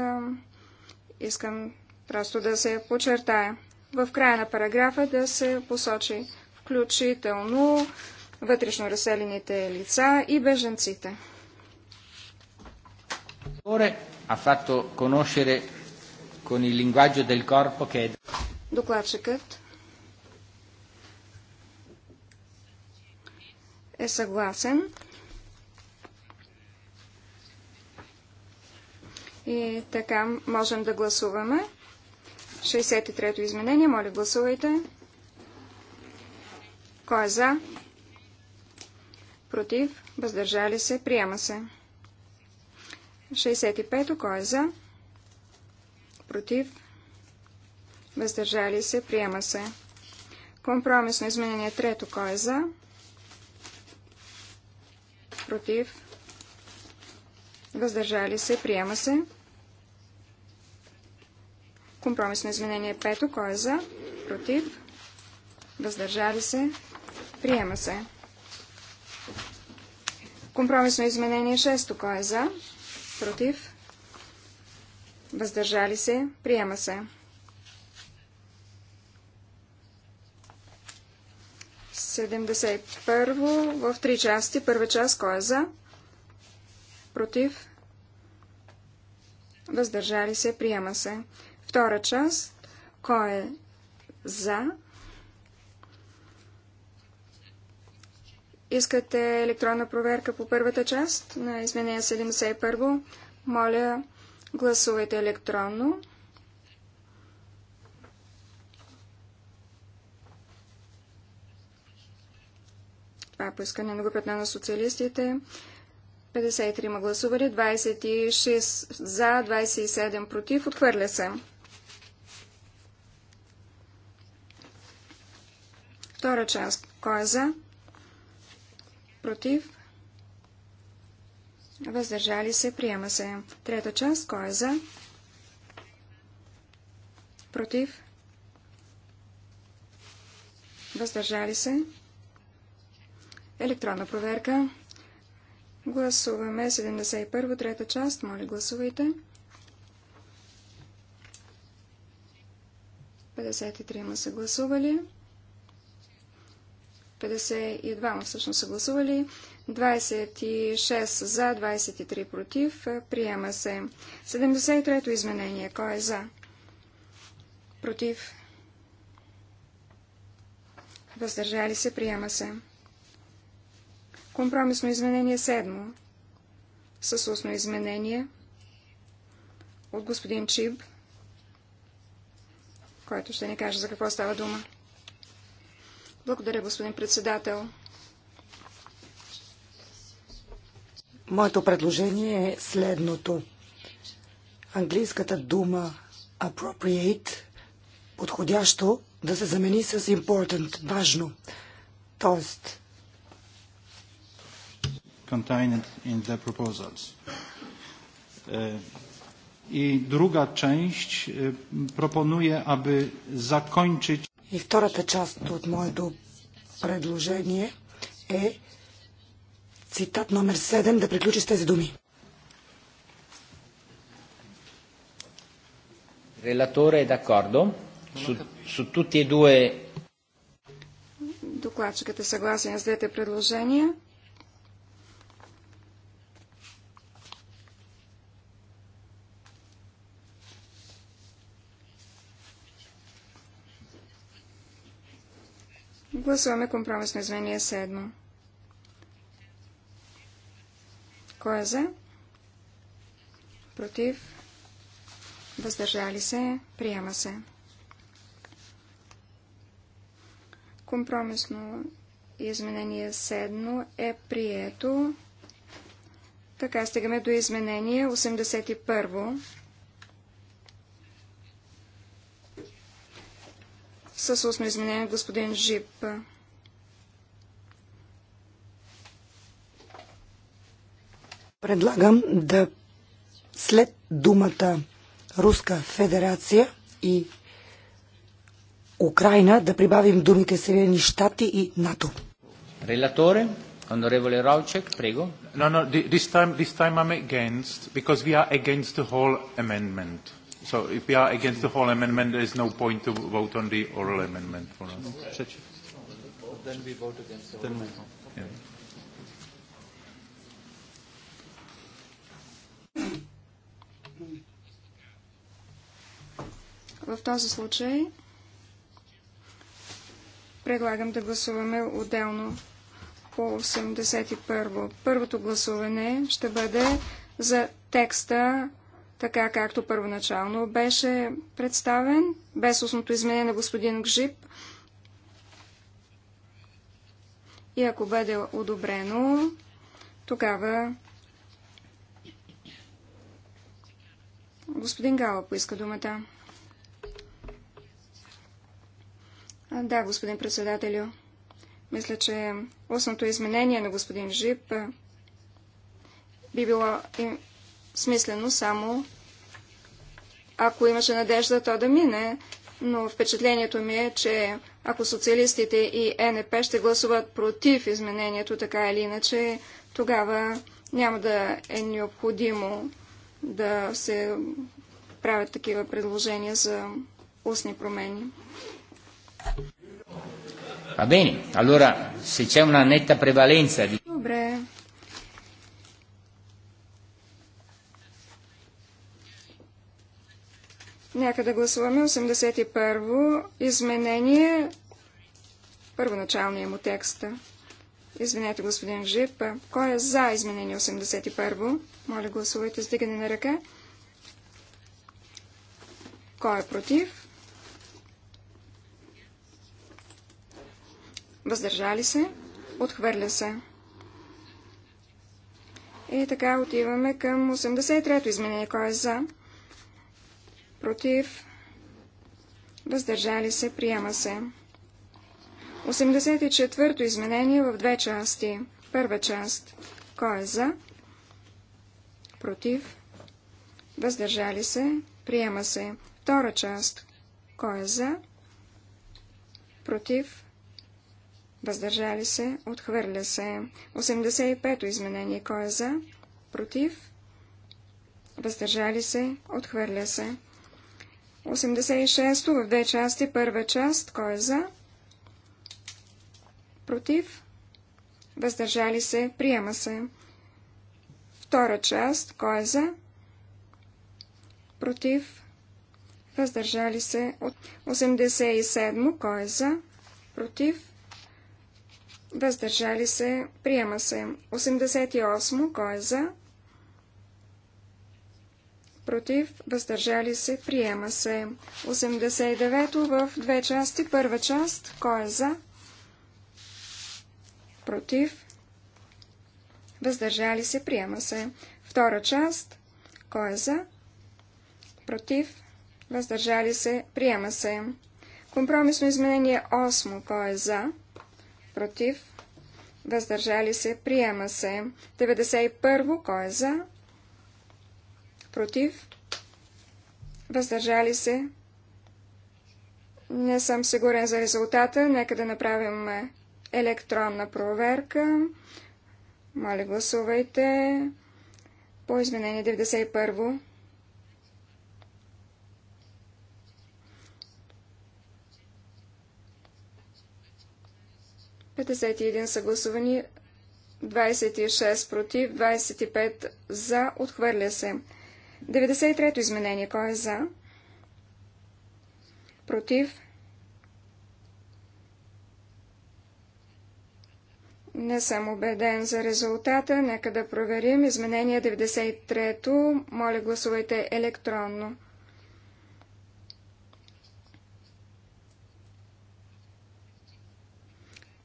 Искам просто да се подчертая. В края на параграфа да се посочи включително вътрешно разселените лица и беженците. Докладчикът е съгласен. И така можем да гласуваме. 63-то изменение. Моля, гласувайте. Кой е за? Против? Въздържали се? Приема се. 65-то. Кой е за? Против? Въздържали се? Приема се. Компромисно изменение. Трето. Кой е за? Против? против, въздържали се, приема се. Компромисно изменение 5, кой е за, против, въздържали се, приема се. Компромисно изменение 6, кой е за, против, въздържали се, приема се. 71 в три части. Първа част, кой е за? Против? Въздържали се, приема се. Втора част, кой е за? Искате електронна проверка по първата част на изменение 71. Моля, гласувайте електронно. Това е поискане на групата на социалистите. 53 гласували, 26 за, 27 против. Отхвърля се. Втора част. Кой е за? Против? Въздържали се. Приема се. Трета част. Кой е за? Против? Въздържали се. Електронна проверка. Гласуваме 71, трета част. Моля, гласувайте. 53 са гласували. 52 всъщност са гласували. 26 за, 23 против. Приема се. 73-то изменение. Кой е за? Против. Въздържали се. Приема се. Компромисно изменение 7 с устно изменение от господин Чиб, който ще ни каже за какво става дума. Благодаря, господин председател. Моето предложение е следното. Английската дума appropriate, подходящо, да се замени с important, важно. Тоест, contained in the proposals. E, I druga część e, proponuje, aby zakończyć. И втората част от моето предложение е цитат номер 7 да приключи с тези думи. Relatore è d'accordo su, su tutti e due. Докладчикът е съгласен с двете предложения. Гласуваме компромисно изменение 7. Кой е за? Против? Въздържали се? Приема се. Компромисно изменение 7 е прието. Така стигаме до изменение 81. с устно изменение господин Жип. Предлагам да след думата Руска федерация и Украина да прибавим думите Съединени щати и НАТО. Релаторе, Honorable Rauchek, prego. No, no, this time, this time I'm against, because we are against the whole amendment. So if we are against the whole amendment, there is no point to vote on the oral amendment for us. Then we vote against the oral amendment. В този случай предлагам да гласуваме отделно по 81. Първото гласуване ще бъде за текста така както първоначално беше представен, без устното изменение на господин Гжип. И ако бъде одобрено, тогава господин Гала поиска думата. Да, господин председателю. Мисля, че устното изменение на господин Жип би било смислено само ако имаше надежда то да мине, но впечатлението ми е, че ако социалистите и НП ще гласуват против изменението така или иначе, тогава няма да е необходимо да се правят такива предложения за устни промени. Va bene, allora se c'è una netta prevalenza di... Добре, Нека да гласуваме 81-во изменение, първоначалния му текста. Извинете, господин Жип. Кой е за изменение 81-во? Моля, гласувайте с дигане на ръка. Кой е против? Въздържали се? Отхвърля се. И така отиваме към 83-то изменение. Кой е за? против, въздържали се, приема се. 84-то изменение в две части. Първа част. Кой е за? Против. Въздържали се. Приема се. Втора част. Кой е за? Против. Въздържали се. Отхвърля се. 85-то изменение. Кой е за? Против. Въздържали се. Отхвърля се. 86 в две части. Първа част. Кой е за? Против? Въздържали се? Приема се. Втора част. Кой е за? Против? Въздържали се от 87. Кой е за? Против? Въздържали се? Приема се. 88. Кой е за? против, въздържали се, приема се. 89-то в две части. Първа част, кой е за, против, въздържали се, приема се. Втора част, кой е за, против, въздържали се, приема се. Компромисно изменение 8, кой е за, против, въздържали се, приема се. 91-во, кой е за, против, против, въздържали се. Не съм сигурен за резултата. Нека да направим е, електронна проверка. Моля, гласувайте по изменение 91. 51 един са гласувани, 26 против, 25 за, отхвърля се. 93-то изменение. Кой е за? Против? Не съм убеден за резултата. Нека да проверим. Изменение 93-то. Моля, гласувайте електронно.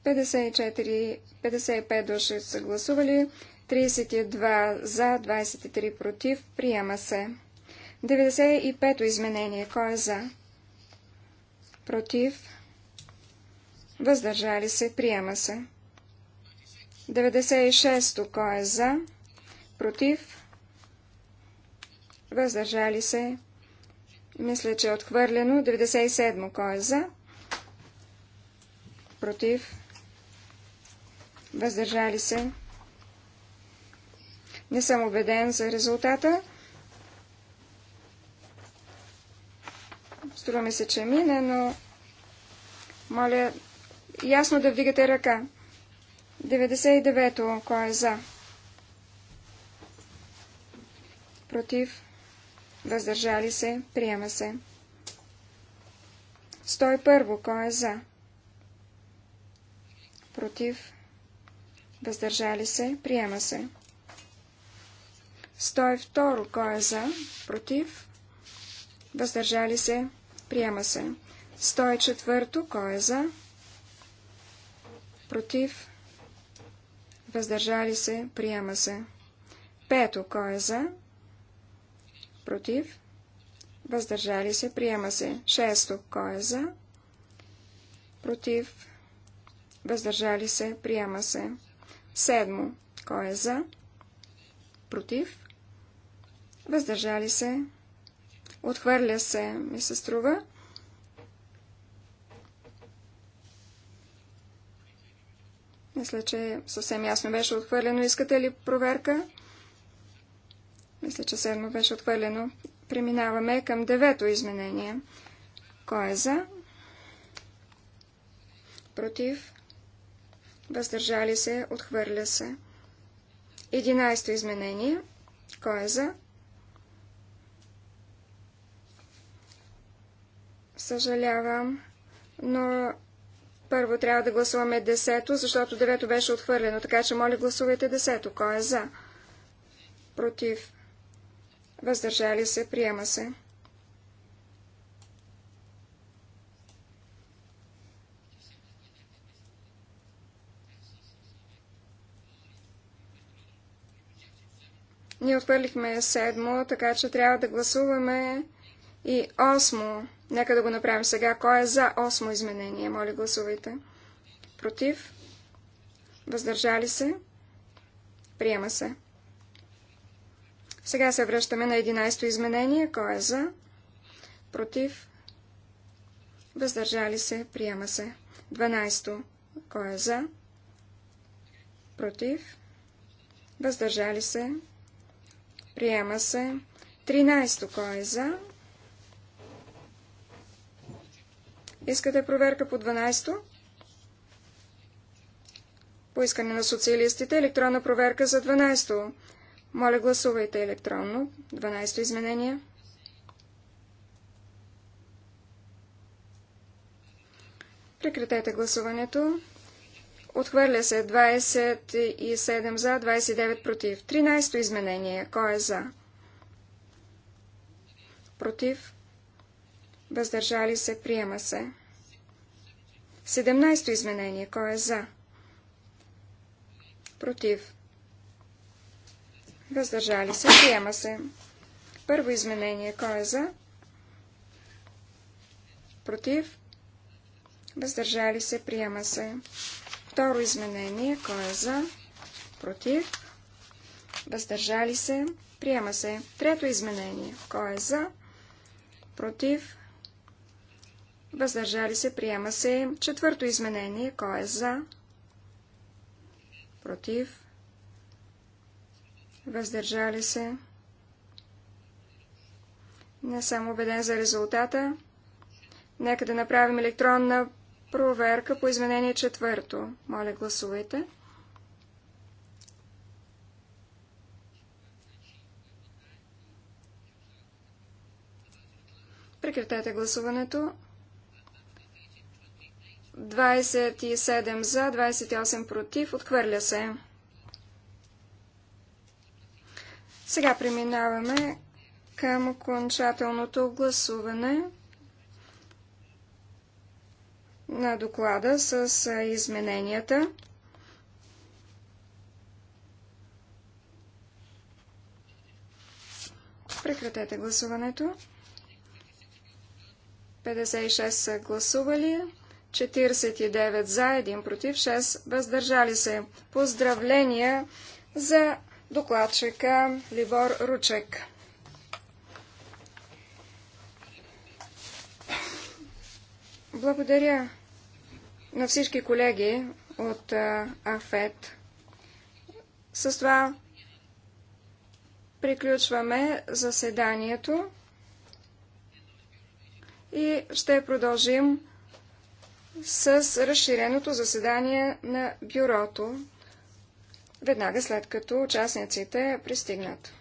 Петдесет 55 души са гласували. 32 за, 23 против. Приема се. 95-то изменение. Кой е за? Против. Въздържали се. Приема се. 96-то. Кой е за? Против. Въздържали се. Мисля, че е отхвърлено. 97-мо. Кой е за? Против. Въздържали се. Не съм убеден за резултата. Струва ми се, че мине, но моля ясно да вдигате ръка. 99-то, кой е за? Против? Въздържали се? Приема се. 101-во, кой е за? Против? Въздържали се? Приема се. 102. Кой е за? Против? Въздържали се? Приема се. 104. Кой е за? Против? Въздържали се? Приема се. 5. Кой е за? Против? Въздържали се? Приема се. 6. Кой е за? Против? Въздържали се? Приема се. 7. Кой е за? Против? въздържали се, отхвърля се, ми се струва. Мисля, че съвсем ясно беше отхвърлено. Искате ли проверка? Мисля, че седмо беше отхвърлено. Преминаваме към девето изменение. Кой е за? Против? Въздържали се? Отхвърля се. Единайсто изменение. Кой е за? Съжалявам, но първо трябва да гласуваме десето, защото девето беше отхвърлено, така че моля гласувайте десето. Кой е за? Против. Въздържали се, приема се. Ние отхвърлихме седмо, така че трябва да гласуваме и осмо. Нека да го направим сега. Кой е за осмо изменение? Моля, гласувайте. Против? Въздържали се? Приема се. Сега се връщаме на 11-то изменение. Кой е за? Против? Въздържали се? Приема се. 12-то. Кой е за? Против? Въздържали се? Приема се. 13-то. Кой е за? Искате проверка по 12-то? По искане на социалистите електронна проверка за 12-то. Моля, гласувайте електронно. 12-то изменение. Прекратете гласуването. Отхвърля се 27 за, 29 против. 13-то изменение. Кой е за? Против? въздържали се, приема се. 17-то изменение. Кой е за? Против. Въздържали се, приема се. Първо изменение. Кой е за? Против. Въздържали се, приема се. Второ изменение. Кой е за? Против. Въздържали се, приема се. Трето изменение. Кой е за? Против въздържали се, приема се. Четвърто изменение, кой е за, против, въздържали се. Не съм убеден за резултата. Нека да направим електронна проверка по изменение четвърто. Моля, гласувайте. Прекратете гласуването. 27 за, 28 против. Отхвърля се. Сега преминаваме към окончателното гласуване на доклада с измененията. Прекратете гласуването. 56 са гласували. 49 за, 1 против, 6 въздържали се. Поздравления за докладчика Либор Ручек. Благодаря на всички колеги от АФЕТ. С това приключваме заседанието и ще продължим с разширеното заседание на бюрото, веднага след като участниците пристигнат.